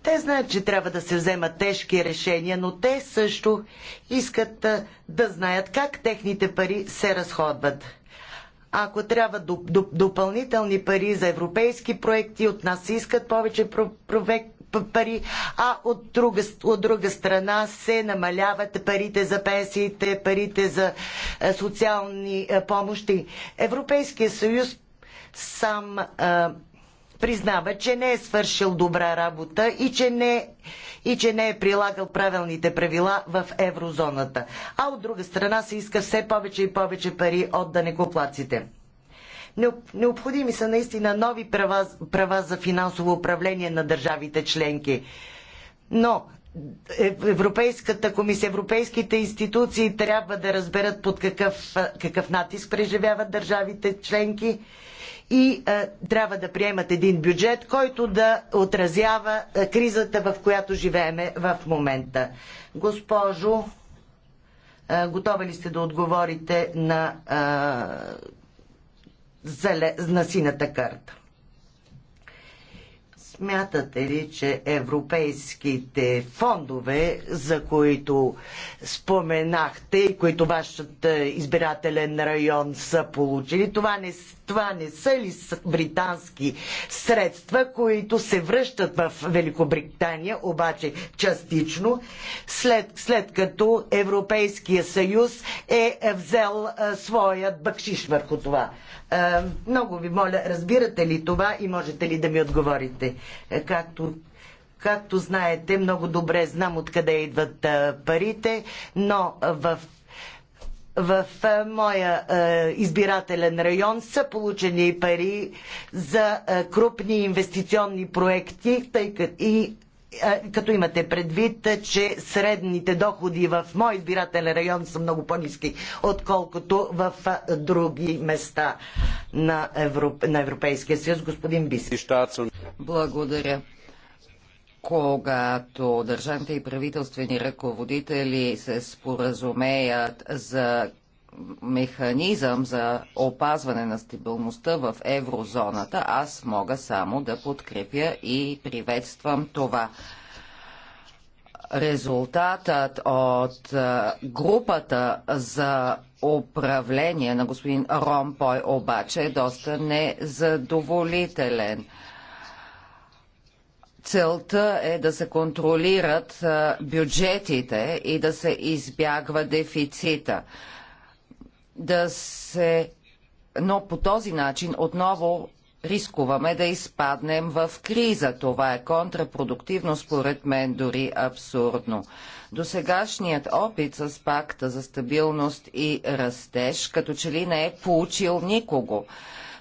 Те знаят, че трябва да се вземат тежки решения, но те също искат е, да знаят как техните пари се разходват. Ако трябва допълнителни пари за европейски проекти, от нас се искат повече пари, а от друга, от друга страна се намаляват парите за пенсиите, парите за е, социални е, помощи. Европейския съюз сам е, признава, че не е свършил добра работа и че не, и че не е прилагал правилните правила в еврозоната. А от друга страна се иска все повече и повече пари от данекоплаците. Необходими са наистина нови права, права за финансово управление на държавите членки. Но е, Европейската комисия, европейските институции трябва да разберат под какъв, какъв натиск преживяват държавите членки и е, трябва да приемат един бюджет, който да отразява е, кризата, в която живееме в момента. Госпожо, е, готова ли сте да отговорите на, е, зале, на сината карта? Смятате ли, че европейските фондове, за които споменахте и които вашият избирателен район са получили, това не, това не са ли британски средства, които се връщат в Великобритания, обаче частично, след, след като Европейския съюз е взел своя своят бъкшиш върху това? много ви моля, разбирате ли това и можете ли да ми отговорите? Както Както знаете, много добре знам откъде идват парите, но в в е, моя е, избирателен район са получени пари за е, крупни инвестиционни проекти, тъй като и като имате предвид, че средните доходи в мой избирателен район са много по-низки, отколкото в други места на, Европ... на Европейския съюз. Господин Бис. Благодаря когато държавните и правителствени ръководители се споразумеят за механизъм за опазване на стабилността в еврозоната, аз мога само да подкрепя и приветствам това. Резултатът от групата за управление на господин Ромпой обаче е доста незадоволителен – Целта е да се контролират бюджетите и да се избягва дефицита. Да се... Но по този начин отново рискуваме да изпаднем в криза. Това е контрапродуктивно, според мен дори абсурдно. До сегашният опит с пакта за стабилност и растеж като че ли не е получил никого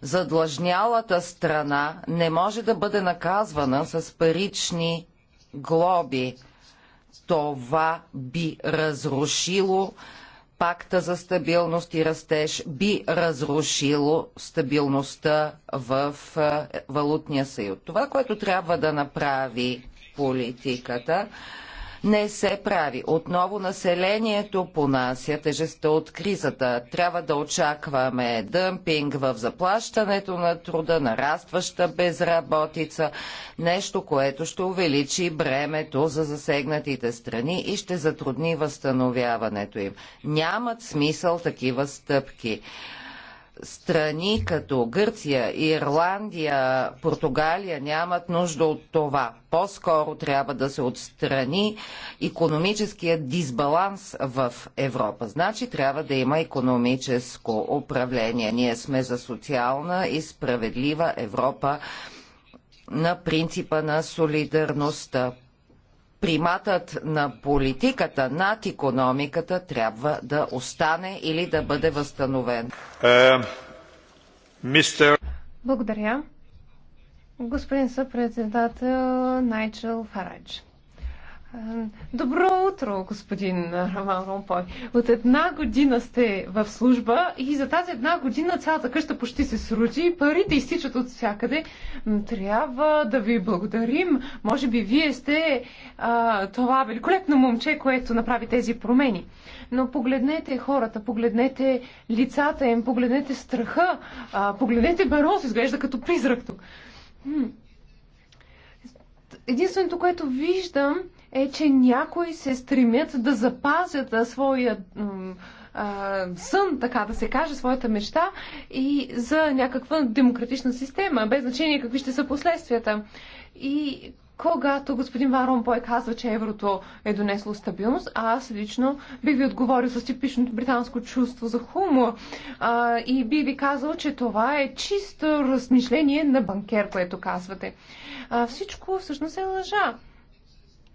задлъжнялата страна не може да бъде наказвана с парични глоби. Това би разрушило пакта за стабилност и растеж, би разрушило стабилността в е, валутния съюз. Това, което трябва да направи политиката, не се прави. Отново населението понася тежестта от кризата. Трябва да очакваме дъмпинг в заплащането на труда, нарастваща безработица, нещо, което ще увеличи бремето за засегнатите страни и ще затрудни възстановяването им. Нямат смисъл такива стъпки страни като Гърция, Ирландия, Португалия нямат нужда от това. По-скоро трябва да се отстрани економическия дисбаланс в Европа. Значи трябва да има економическо управление. Ние сме за социална и справедлива Европа на принципа на солидарността приматът на политиката над економиката трябва да остане или да бъде възстановен. Е, Благодаря. Господин съпредседател Найчел Фарадж. Е, добро утро, господин Роман Ромпой. От една година сте в служба и за тази една година цялата къща почти се срути, парите изтичат от всякъде. Трябва да ви благодарим. Може би вие сте а, това великолепно момче, което направи тези промени. Но погледнете хората, погледнете лицата им, погледнете страха, а, погледнете Барос, изглежда като призрак тук. Единственото, което виждам, е, че някои се стремят да запазят своя сън, така да се каже, своята мечта и за някаква демократична система, без значение какви ще са последствията. И когато господин Варон Бой казва, че еврото е донесло стабилност, аз лично бих ви отговорил с типичното британско чувство за хумор а, и би ви казал, че това е чисто размишление на банкер, което казвате. А, всичко всъщност е лъжа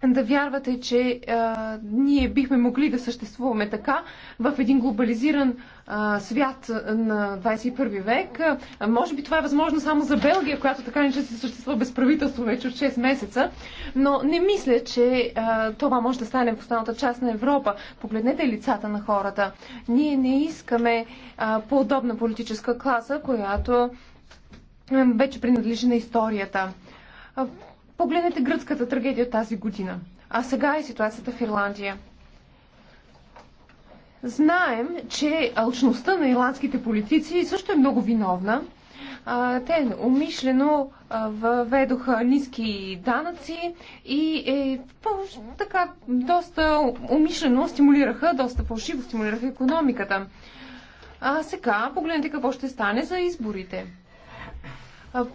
да вярвате, че а, ние бихме могли да съществуваме така в един глобализиран а, свят на 21 век. А, може би това е възможно само за Белгия, която така не че се съществува без правителство вече от 6 месеца, но не мисля, че а, това може да стане в останалата част на Европа. Погледнете лицата на хората. Ние не искаме подобна политическа класа, която вече принадлежи на историята Погледнете гръцката трагедия тази година. А сега е ситуацията в Ирландия. Знаем, че алчността на ирландските политици също е много виновна. Те умишлено въведоха ниски данъци и е, така доста умишлено стимулираха, доста фалшиво стимулираха економиката. А сега погледнете какво ще стане за изборите.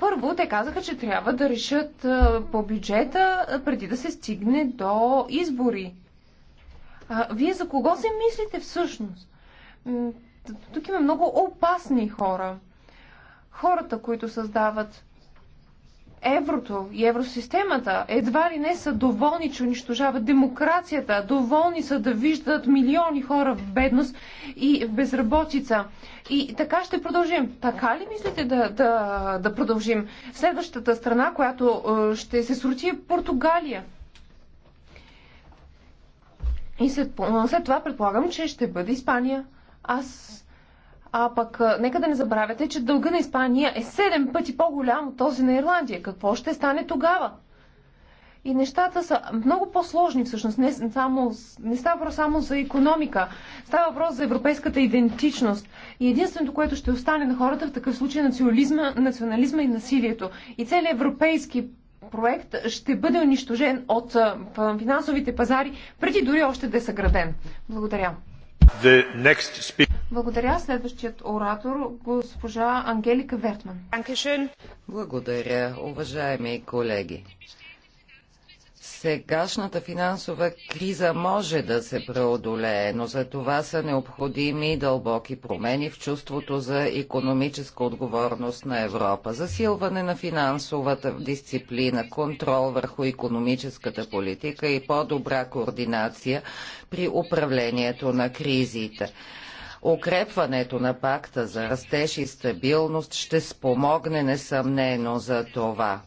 Първо, те казаха, че трябва да решат по бюджета преди да се стигне до избори. А, вие за кого се мислите всъщност? Тук има много опасни хора. Хората, които създават еврото и евросистемата едва ли не са доволни, че унищожават демокрацията, доволни са да виждат милиони хора в бедност и в безработица. И така ще продължим. Така ли мислите да, да, да продължим? Следващата страна, която е, ще се срути е Португалия. И след, след това предполагам, че ще бъде Испания. Аз а пък, нека да не забравяте, че дълга на Испания е 7 пъти по-голям от този на Ирландия. Какво ще стане тогава? И нещата са много по-сложни всъщност. Не, само, не става въпрос само за економика. Става въпрос за европейската идентичност. И единственото, което ще остане на хората в такъв случай е национализма, национализма и насилието. И целият европейски проект ще бъде унищожен от финансовите пазари, преди дори още да е съграден. Благодаря. The next благодаря. Следващият оратор, госпожа Ангелика Вертман. Благодаря, уважаеми колеги. Сегашната финансова криза може да се преодолее, но за това са необходими дълбоки промени в чувството за економическа отговорност на Европа, засилване на финансовата дисциплина, контрол върху економическата политика и по-добра координация при управлението на кризите. Укрепването на пакта за растеж и стабилност ще спомогне несъмнено за това.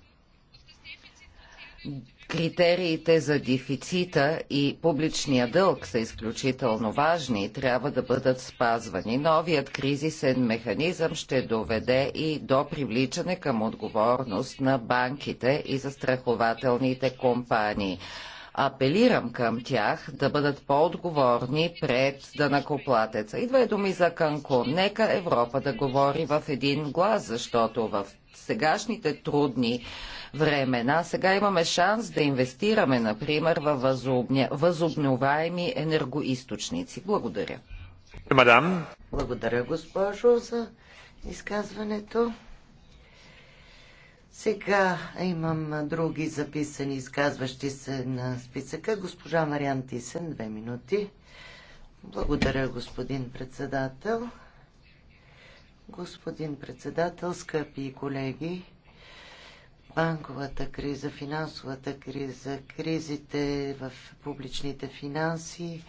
Критериите за дефицита и публичния дълг са изключително важни и трябва да бъдат спазвани. Новият кризисен механизъм ще доведе и до привличане към отговорност на банките и застрахователните компании апелирам към тях да бъдат по-отговорни пред данакоплатеца. Идва е думи за Канкун. Нека Европа да говори в един глас, защото в сегашните трудни времена сега имаме шанс да инвестираме, например, в възобновяеми енергоисточници. Благодаря. Мадам. Благодаря, госпожо, за изказването. Сега имам други записани, изказващи се на списъка. Госпожа Мариан Тисен, две минути. Благодаря, господин председател. Господин председател, скъпи колеги, банковата криза, финансовата криза, кризите в публичните финанси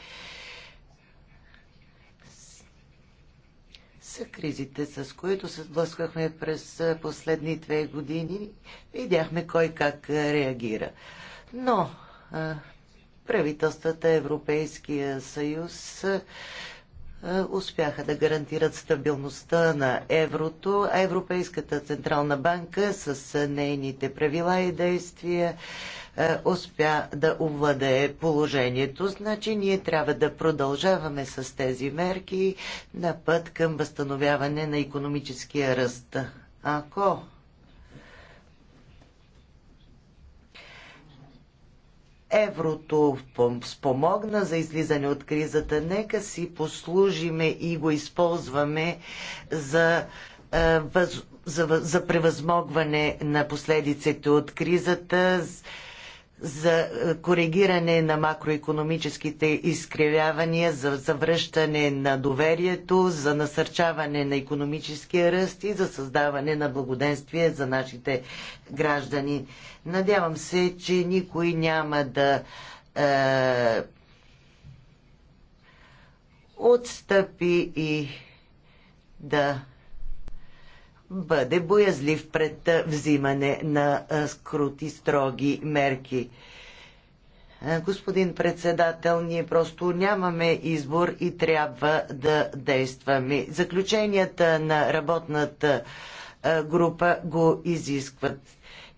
са кризите, с които се сблъсквахме през последни две години. Видяхме кой как реагира. Но правителствата, Европейския съюз успяха да гарантират стабилността на еврото, а Европейската Централна банка с нейните правила и действия е, успя да овладее положението. Значи ние трябва да продължаваме с тези мерки на път към възстановяване на економическия ръст. Ако еврото спомогна за излизане от кризата, нека си послужиме и го използваме за, е, за, за превъзмогване на последиците от кризата, за е, коригиране на макроекономическите изкривявания, за завръщане на доверието, за насърчаване на економическия ръст и за създаване на благоденствие за нашите граждани. Надявам се, че никой няма да е, отстъпи и да бъде боязлив пред взимане на скрути строги мерки. Господин председател, ние просто нямаме избор и трябва да действаме. Заключенията на работната група го изискват.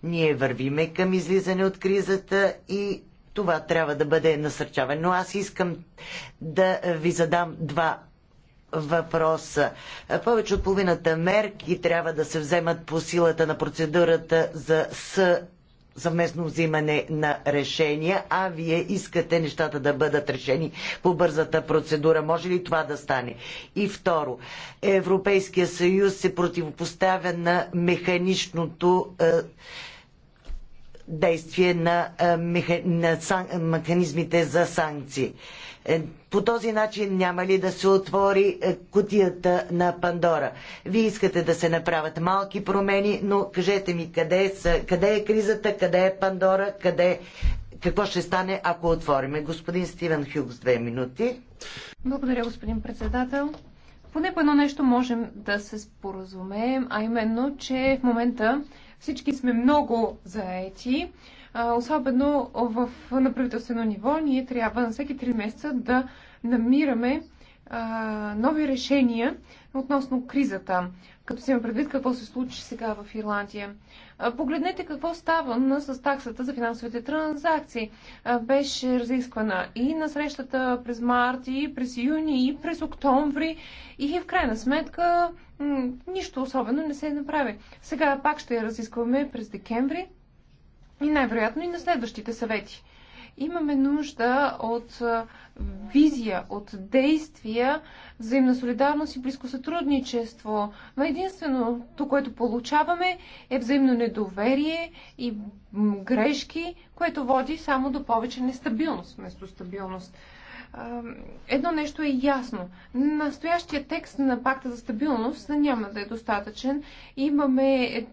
Ние вървиме към излизане от кризата и това трябва да бъде насърчавано. Но аз искам да ви задам два въпроса. Повече от половината мерки трябва да се вземат по силата на процедурата за с съвместно взимане на решения, а вие искате нещата да бъдат решени по бързата процедура. Може ли това да стане? И второ, Европейския съюз се противопоставя на механичното е, действие на, е, меха, на сан, механизмите за санкции. Е, е, по този начин няма ли да се отвори е, кутията на Пандора? Вие искате да се направят малки промени, но кажете ми къде, са, къде е кризата, къде е Пандора, къде, какво ще стане, ако отвориме? Господин Стивен Хюкс, две минути. Благодаря, господин председател. Поне по едно нещо можем да се споразумеем, а именно, че в момента всички сме много заети особено в, на правителствено ниво, ние трябва на всеки 3 месеца да намираме нови решения относно кризата, като си има предвид какво се случи сега в Ирландия. Погледнете какво става с таксата за финансовите транзакции. Беше разисквана и на срещата през март, и през юни, и през октомври, и в крайна сметка нищо особено не се направи. Сега пак ще я разискваме през декември и най-вероятно и на следващите съвети. Имаме нужда от визия, от действия, взаимна солидарност и близко сътрудничество. Но единственото, което получаваме е взаимно недоверие и грешки, което води само до повече нестабилност вместо стабилност едно нещо е ясно. Настоящия текст на пакта за стабилност няма да е достатъчен. Имаме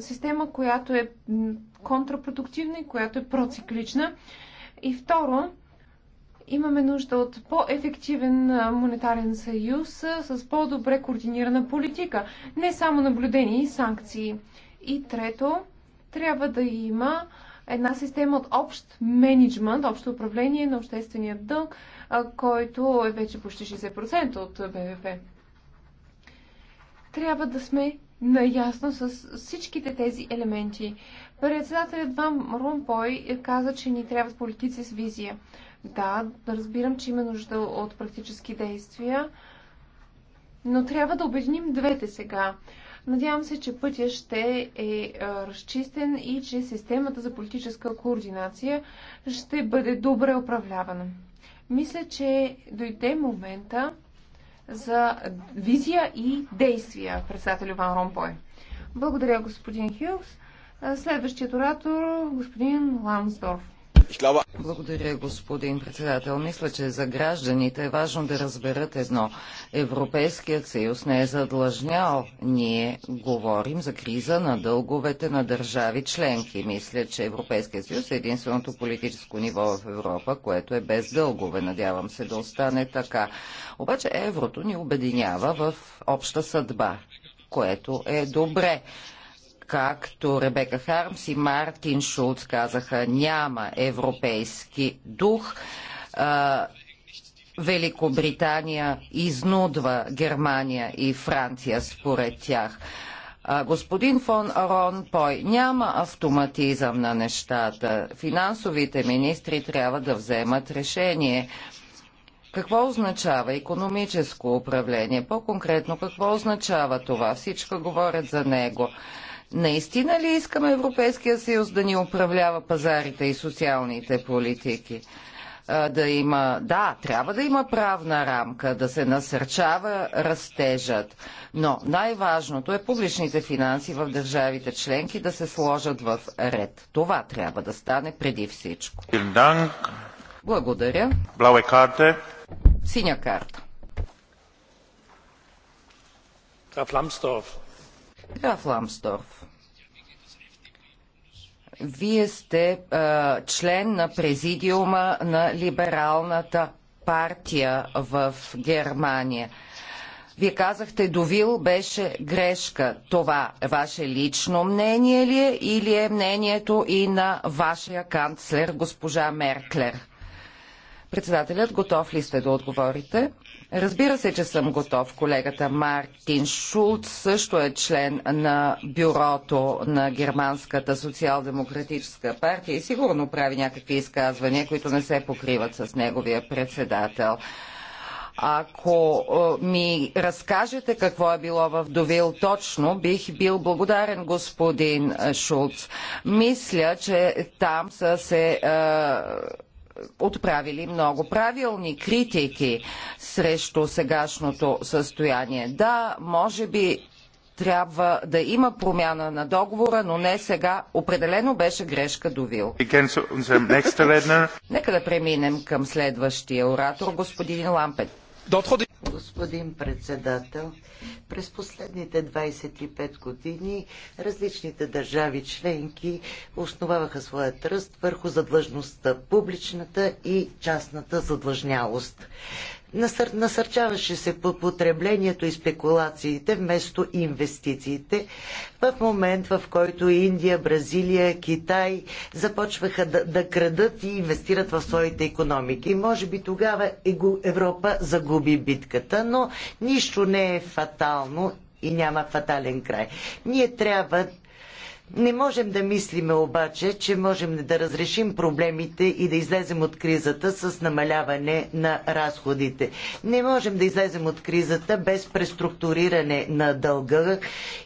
система, която е контрапродуктивна и която е проциклична. И второ, имаме нужда от по-ефективен монетарен съюз с по-добре координирана политика, не само наблюдение и санкции. И трето, трябва да има една система от общ менеджмент, общо управление на обществения дълг, който е вече почти 60% от БВП. Трябва да сме наясно с всичките тези елементи. Председателят Ван Румпой каза, че ни трябват политици с визия. Да, разбирам, че има нужда от практически действия, но трябва да обединим двете сега. Надявам се, че пътя ще е разчистен и че системата за политическа координация ще бъде добре управлявана. Мисля, че дойде момента за визия и действия, председател Ван Ромпой. Благодаря, господин Хилс. Следващият оратор, господин Ламсдорф. Благодаря, господин председател. Мисля, че за гражданите е важно да разберат едно. Европейският съюз не е задлъжнял. Ние говорим за криза на дълговете на държави членки. Мисля, че Европейският съюз е единственото политическо ниво в Европа, което е без дългове. Надявам се да остане така. Обаче еврото ни обединява в обща съдба, което е добре както Ребека Хармс и Мартин Шулц казаха, няма европейски дух. Великобритания изнудва Германия и Франция според тях. Господин фон Рон пой няма автоматизъм на нещата. Финансовите министри трябва да вземат решение. Какво означава економическо управление? По-конкретно, какво означава това? Всичко говорят за него. Наистина ли искаме Европейския съюз да ни управлява пазарите и социалните политики? да има, да, трябва да има правна рамка, да се насърчава растежът, но най-важното е публичните финанси в държавите членки да се сложат в ред. Това трябва да стане преди всичко. Благодаря. Блауе карте. Синя карта. Граф Ламсдорф. Граф Ламсдорф, вие сте а, член на президиума на либералната партия в Германия. Вие казахте, Довил беше грешка. Това е ваше лично мнение ли е или е мнението и на вашия канцлер госпожа Мерклер? Председателят, готов ли сте да отговорите? Разбира се, че съм готов. Колегата Мартин Шулц също е член на бюрото на Германската социал-демократическа партия и сигурно прави някакви изказвания, които не се покриват с неговия председател. Ако е, ми разкажете какво е било в Довил точно, бих бил благодарен господин Шулц. Мисля, че там са се е, отправили много правилни критики срещу сегашното състояние. Да, може би трябва да има промяна на договора, но не сега. Определено беше грешка Довил. Нека да преминем към следващия оратор, господин Лампет господин председател. През последните 25 години различните държави членки основаваха своят ръст върху задлъжността, публичната и частната задлъжнялост. Насър... Насърчаваше се по потреблението и спекулациите вместо инвестициите в момент, в който Индия, Бразилия, Китай започваха да, да крадат и инвестират в своите економики. И може би тогава Европа загуби битката хората, но нищо не е фатално и няма фатален край. Ние трябва не можем да мислиме обаче, че можем да разрешим проблемите и да излезем от кризата с намаляване на разходите. Не можем да излезем от кризата без преструктуриране на дълга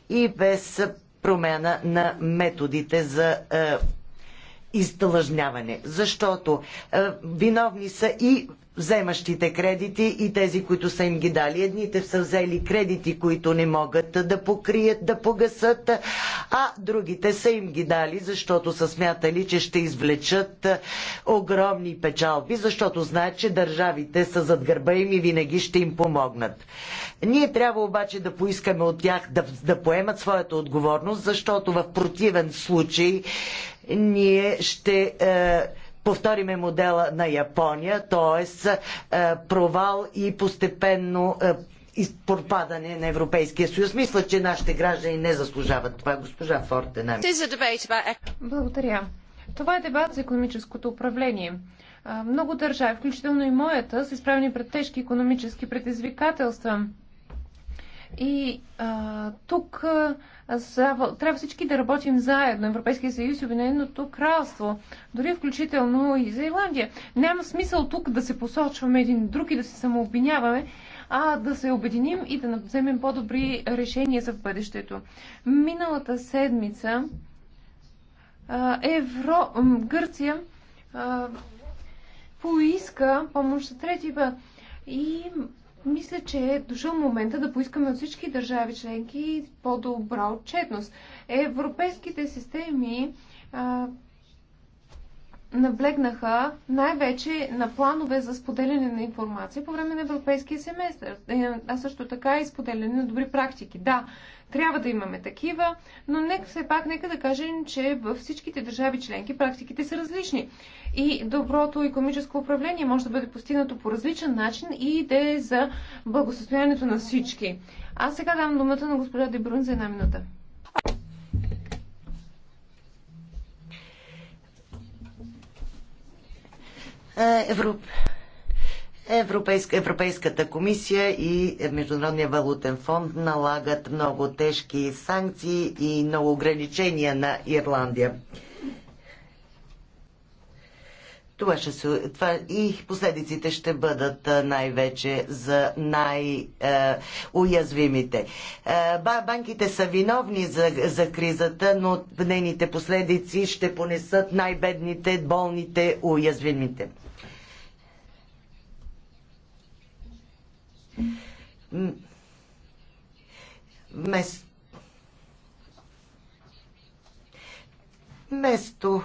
и без промяна на методите за е, изтълъжняване. Защото е, виновни са и вземащите кредити и тези, които са им ги дали. Едните са взели кредити, които не могат да покрият, да погасат, а другите са им ги дали, защото са смятали, че ще извлечат е, огромни печалби, защото знаят, че държавите са зад гърба им и винаги ще им помогнат. Ние трябва обаче да поискаме от тях да, да поемат своята отговорност, защото в противен случай ние ще. Е, повториме модела на Япония, т.е. Е, провал и постепенно е, изпропадане на Европейския съюз. Мисля, че нашите граждани не заслужават това. Госпожа Фортена. Благодаря. Това е дебат за економическото управление. Много държави, включително и моята, са изправени пред тежки економически предизвикателства. И а, тук а, са, трябва всички да работим заедно, Европейския съюз и Обединеното кралство, дори включително и за Ирландия. Няма смисъл тук да се посочваме един друг и да се самообвиняваме, а да се обединим и да вземем по-добри решения за бъдещето. Миналата седмица а, Евро... Гърция а, поиска помощ за трети път. И мисля, че е дошъл момента да поискаме от всички държави членки по-добра отчетност. Европейските системи а, наблегнаха най-вече на планове за споделяне на информация по време на европейския семестър, е, а също така и споделяне на добри практики. Да, трябва да имаме такива, но нека все пак нека да кажем, че във всичките държави членки практиките са различни. И доброто економическо управление може да бъде постигнато по различен начин и да е за благосостоянието на всички. Аз сега дам думата на госпожа Дебрун за една минута. Е, Европа. Европейска, Европейската комисия и Международния валутен фонд налагат много тежки санкции и много ограничения на Ирландия. Това ще се, това и последиците ще бъдат най-вече за най-уязвимите. Банките са виновни за, за кризата, но нейните последици ще понесат най-бедните, болните, уязвимите. Место вместо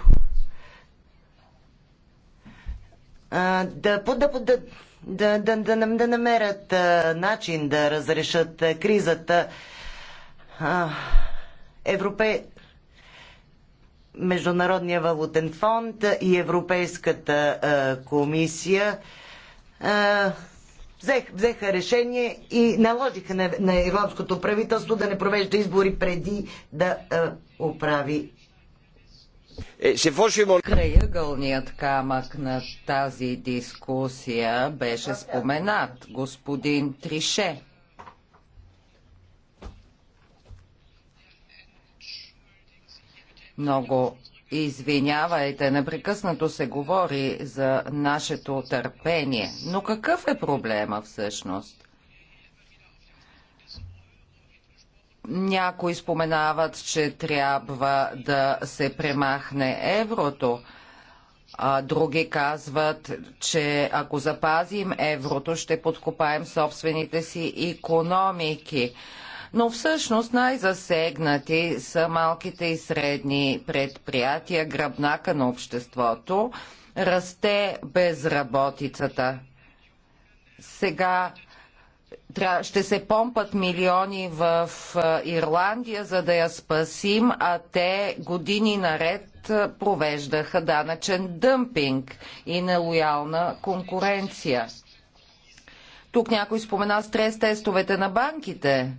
да, да, да, да, да, да, да намерят а, начин да разрешат а, кризата, а, Европе... Международния валутен фонд и Европейската а, комисия а, взех, взеха решение и наложиха на, на ирландското правителство да не провежда избори преди да а, оправи е, гълният камък на тази дискусия беше споменат господин Трише. Много Извинявайте, непрекъснато се говори за нашето търпение. Но какъв е проблема всъщност? Някои споменават, че трябва да се премахне еврото, а други казват, че ако запазим еврото, ще подкопаем собствените си економики но всъщност най-засегнати са малките и средни предприятия, гръбнака на обществото, расте безработицата. Сега ще се помпат милиони в Ирландия, за да я спасим, а те години наред провеждаха данъчен дъмпинг и нелоялна конкуренция. Тук някой спомена стрес тестовете на банките.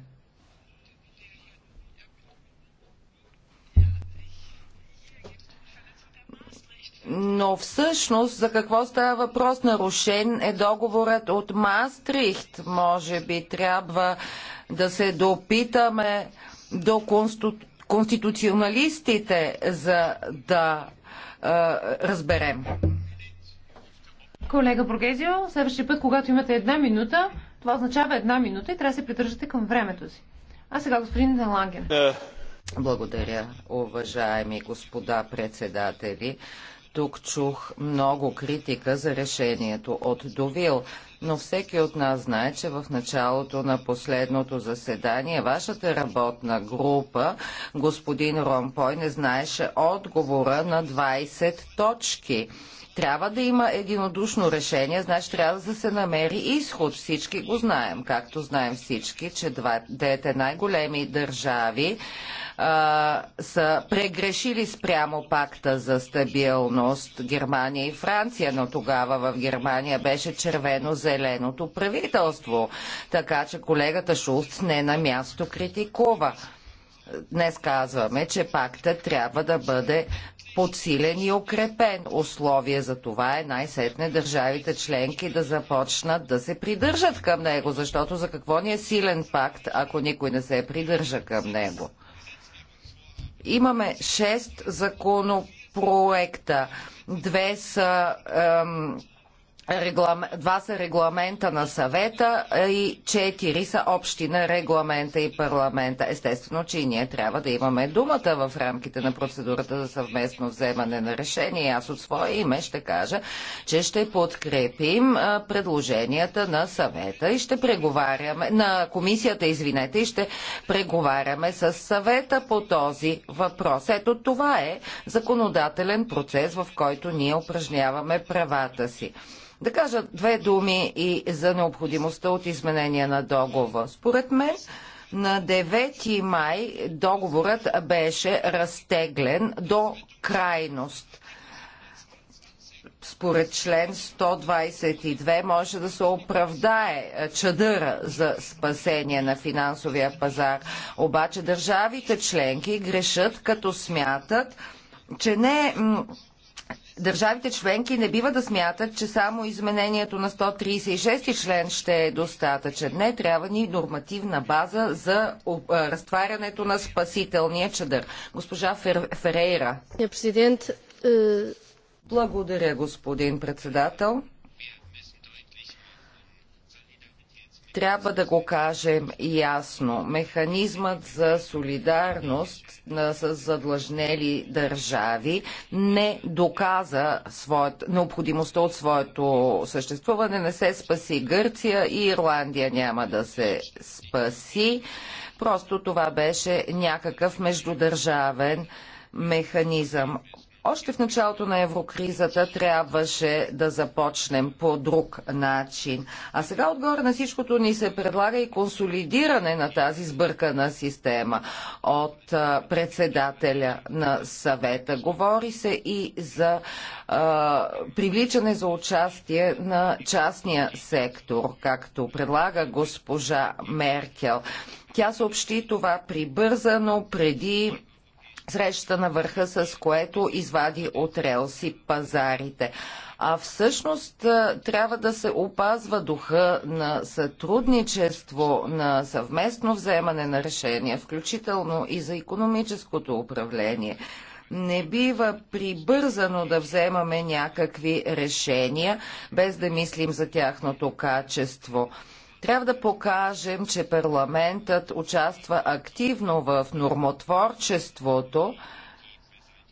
Но всъщност за какво става въпрос? Нарушен е договорът от Мастрихт. Може би трябва да се допитаме до консту... конституционалистите, за да е, разберем. Колега Бургезио, следващия път, когато имате една минута, това означава една минута и трябва да се придържате към времето си. А сега господин Ланген. Е. Благодаря, уважаеми господа председатели. Тук чух много критика за решението от Довил, но всеки от нас знае, че в началото на последното заседание вашата работна група, господин Ромпой, не знаеше отговора на 20 точки. Трябва да има единодушно решение, значи трябва да се намери изход. Всички го знаем, както знаем всички, че двете най-големи държави а, са прегрешили спрямо пакта за стабилност Германия и Франция, но тогава в Германия беше червено-зеленото правителство. Така че колегата Шулц не на място критикува. Днес казваме, че пакта трябва да бъде подсилен и укрепен. Условие за това е най-сетне държавите членки да започнат да се придържат към него, защото за какво ни е силен пакт, ако никой не се придържа към него? Имаме 6 законопроекта. Две са ем, Два са регламента на съвета и четири са общи на регламента и парламента. Естествено, че и ние трябва да имаме думата в рамките на процедурата за съвместно вземане на решение. Аз от свое име ще кажа, че ще подкрепим предложенията на съвета и ще преговаряме, на комисията, извинете, и ще преговаряме с съвета по този въпрос. Ето това е законодателен процес, в който ние упражняваме правата си. Да кажа две думи и за необходимостта от изменение на договор. Според мен, на 9 май договорът беше разтеглен до крайност. Според член 122 може да се оправдае чадъра за спасение на финансовия пазар. Обаче държавите членки грешат, като смятат, че не Държавите членки не бива да смятат, че само изменението на 136 член ще е достатъчен. Не, трябва ни нормативна база за разтварянето на спасителния чадър. Госпожа Фер... Ферейра. Е, Благодаря, господин председател. Трябва да го кажем ясно. Механизмът за солидарност с задлъжнели държави не доказа своят, необходимостта от своето съществуване. Не се спаси Гърция и Ирландия няма да се спаси. Просто това беше някакъв междудържавен механизъм. Още в началото на еврокризата трябваше да започнем по друг начин. А сега отгоре на всичкото ни се предлага и консолидиране на тази сбъркана система от председателя на съвета. Говори се и за а, привличане за участие на частния сектор, както предлага госпожа Меркел. Тя съобщи това прибързано преди среща на върха, с което извади от релси пазарите. А всъщност трябва да се опазва духа на сътрудничество, на съвместно вземане на решения, включително и за економическото управление. Не бива прибързано да вземаме някакви решения, без да мислим за тяхното качество. Трябва да покажем, че парламентът участва активно в нормотворчеството,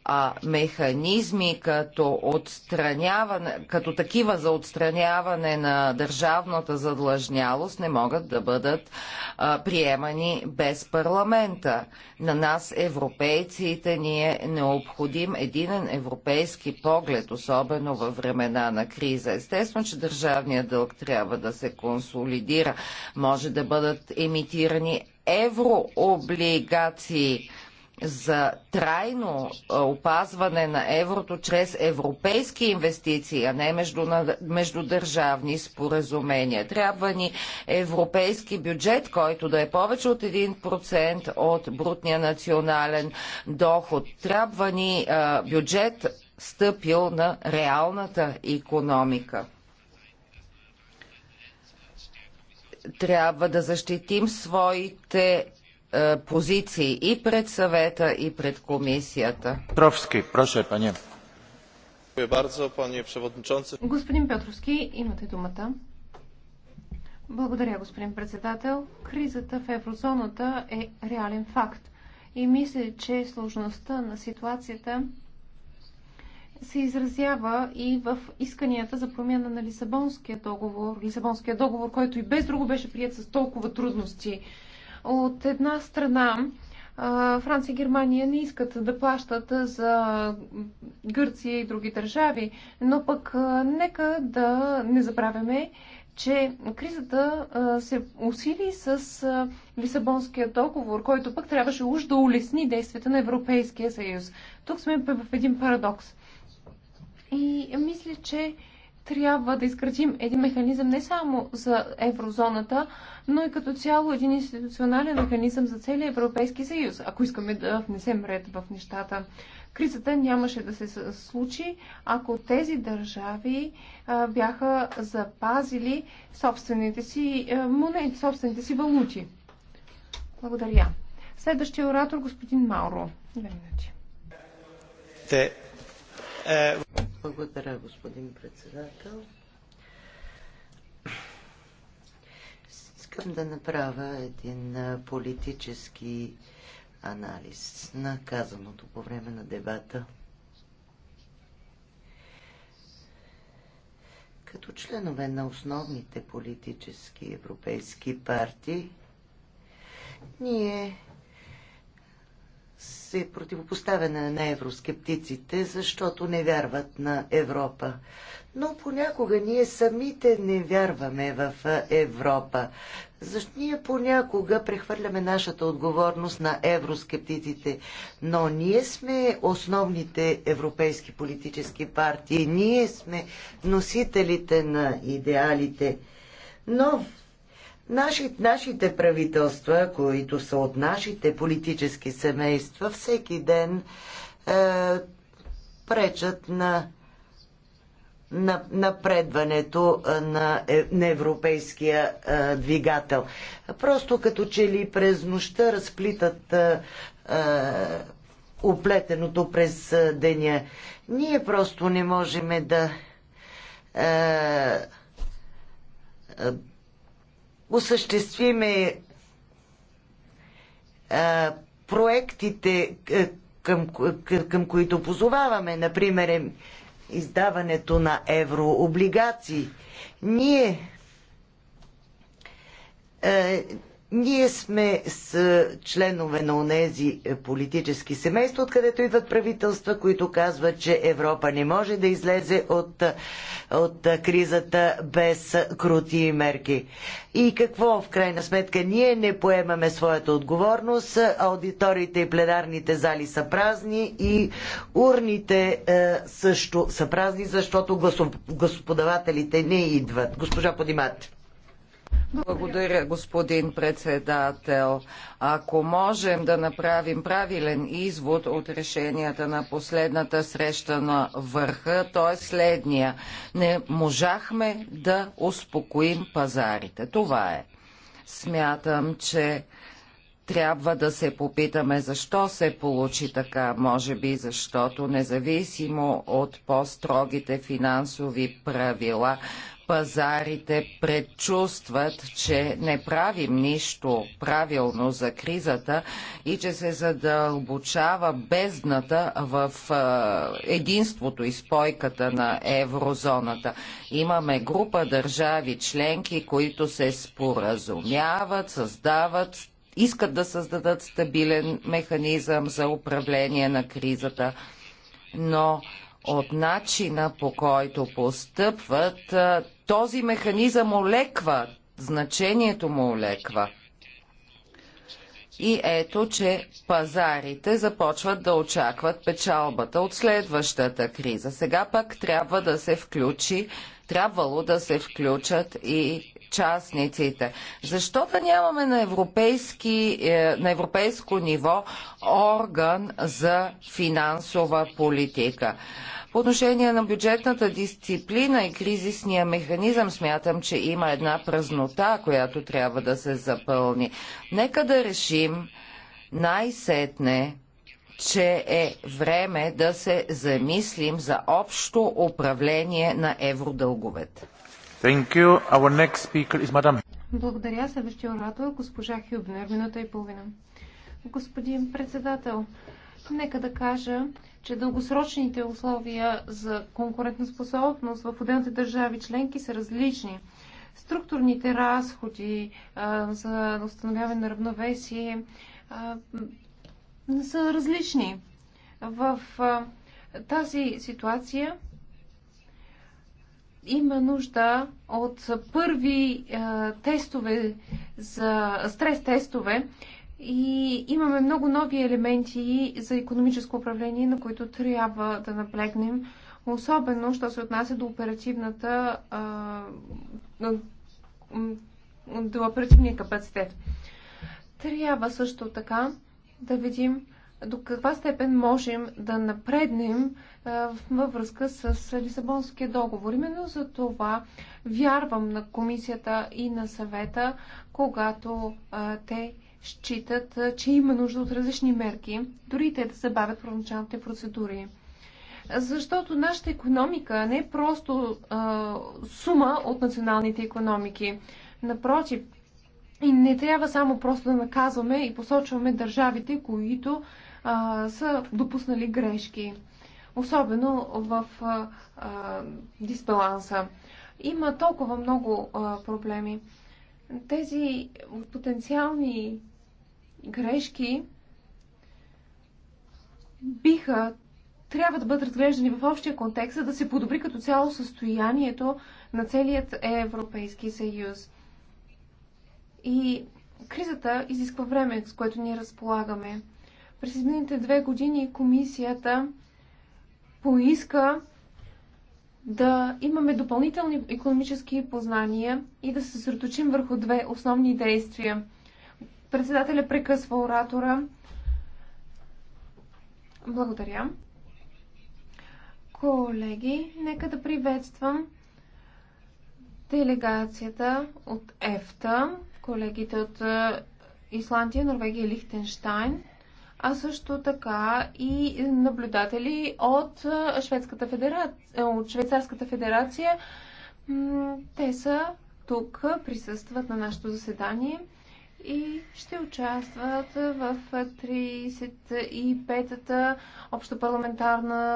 а механизми като, отстраняване, като такива за отстраняване на държавната задлъжнялост не могат да бъдат а, приемани без парламента. На нас, европейците, ни е необходим единен европейски поглед, особено във времена на криза. Естествено, че държавният дълг трябва да се консолидира. Може да бъдат емитирани еврооблигации – за трайно опазване на еврото чрез европейски инвестиции, а не междудържавни споразумения. Трябва ни европейски бюджет, който да е повече от 1% от брутния национален доход. Трябва ни бюджет стъпил на реалната економика. Трябва да защитим своите е, позиции и пред съвета, и пред комисията. Петровски, проше, пане. Господин Петровски, имате думата. Благодаря, господин председател. Кризата в еврозоната е реален факт. И мисля, че сложността на ситуацията се изразява и в исканията за промяна на Лисабонския договор. Лисабонския договор, който и без друго беше прият с толкова трудности от една страна, Франция и Германия не искат да плащат за Гърция и други държави, но пък нека да не забравяме, че кризата се усили с Лисабонския договор, който пък трябваше уж да улесни действията на Европейския съюз. Тук сме в един парадокс. И мисля, че трябва да изградим един механизъм не само за еврозоната, но и като цяло един институционален механизъм за целия Европейски съюз, ако искаме да внесем ред в нещата. Кризата нямаше да се случи, ако тези държави а, бяха запазили собствените си а, монети, собствените си валути. Благодаря. Следващия оратор, господин Мауро. Две минути. Те, е, благодаря, господин председател. Искам да направя един политически анализ на казаното по време на дебата. Като членове на основните политически европейски партии, ние се противопоставя на, на евроскептиците, защото не вярват на Европа. Но понякога ние самите не вярваме в Европа. Защо ние понякога прехвърляме нашата отговорност на евроскептиците, но ние сме основните европейски политически партии, ние сме носителите на идеалите. Но Наши, нашите правителства, които са от нашите политически семейства, всеки ден е, пречат на, на напредването е, на, е, на европейския е, двигател. Просто като че ли през нощта разплитат е, е, оплетеното през е, деня. Ние просто не можем да. Е, е осъществиме а, проектите, към, към, към които позоваваме, например, е издаването на еврооблигации, ние ние сме с членове на онези е, политически семейства, откъдето идват правителства, които казват, че Европа не може да излезе от, от кризата без крути мерки. И какво в крайна сметка? Ние не поемаме своята отговорност, аудиториите и пленарните зали са празни и урните е, също са празни, защото гласоподавателите не идват. Госпожа Подимат. Благодаря, господин председател. Ако можем да направим правилен извод от решенията на последната среща на върха, то е следния. Не можахме да успокоим пазарите. Това е. Смятам, че трябва да се попитаме защо се получи така. Може би защото независимо от по-строгите финансови правила, пазарите предчувстват, че не правим нищо правилно за кризата и че се задълбочава бездната в единството и спойката на еврозоната. Имаме група държави членки, които се споразумяват, създават искат да създадат стабилен механизъм за управление на кризата, но от начина по който постъпват, този механизъм олеква, значението му олеква. И ето, че пазарите започват да очакват печалбата от следващата криза. Сега пък трябва да се включи, трябвало да се включат и частниците. Защо да нямаме на, европейски, е, на европейско ниво орган за финансова политика? По отношение на бюджетната дисциплина и кризисния механизъм смятам, че има една празнота, която трябва да се запълни. Нека да решим най-сетне че е време да се замислим за общо управление на евродълговете. Благодаря. Следващия оратор е госпожа Хюбнер. Минута и половина. Господин председател, нека да кажа, че дългосрочните условия за конкурентоспособност в отделните държави членки са различни. Структурните разходи а, за установяване на равновесие а, са различни. В а, тази ситуация има нужда от първи а, е, тестове за стрес тестове и имаме много нови елементи за економическо управление, на които трябва да наблегнем, особено, що се отнася до оперативната а, е, до оперативния капацитет. Трябва също така да видим до каква степен можем да напреднем във връзка с Лисабонския договор. Именно за това вярвам на комисията и на съвета, когато те считат, че има нужда от различни мерки, дори те да забавят първоначалните процедури. Защото нашата економика не е просто а, сума от националните економики. Напротив, и не трябва само просто да наказваме и посочваме държавите, които а, са допуснали грешки, особено в а, а, дисбаланса. Има толкова много а, проблеми. Тези потенциални грешки биха трябва да бъдат разглеждани в общия контекст, за да се подобри като цяло състоянието на целият Европейски съюз. И кризата изисква време, с което ние разполагаме. През изминалите две години комисията поиска да имаме допълнителни економически познания и да се съсредоточим върху две основни действия. Председателя прекъсва оратора. Благодаря. Колеги, нека да приветствам делегацията от ЕФТА, колегите от е, Исландия, Норвегия и Лихтенштайн а също така и наблюдатели от, Шведската федерация, е, от Швейцарската федерация. Те са тук, присъстват на нашето заседание и ще участват в 35-та общопарламентарна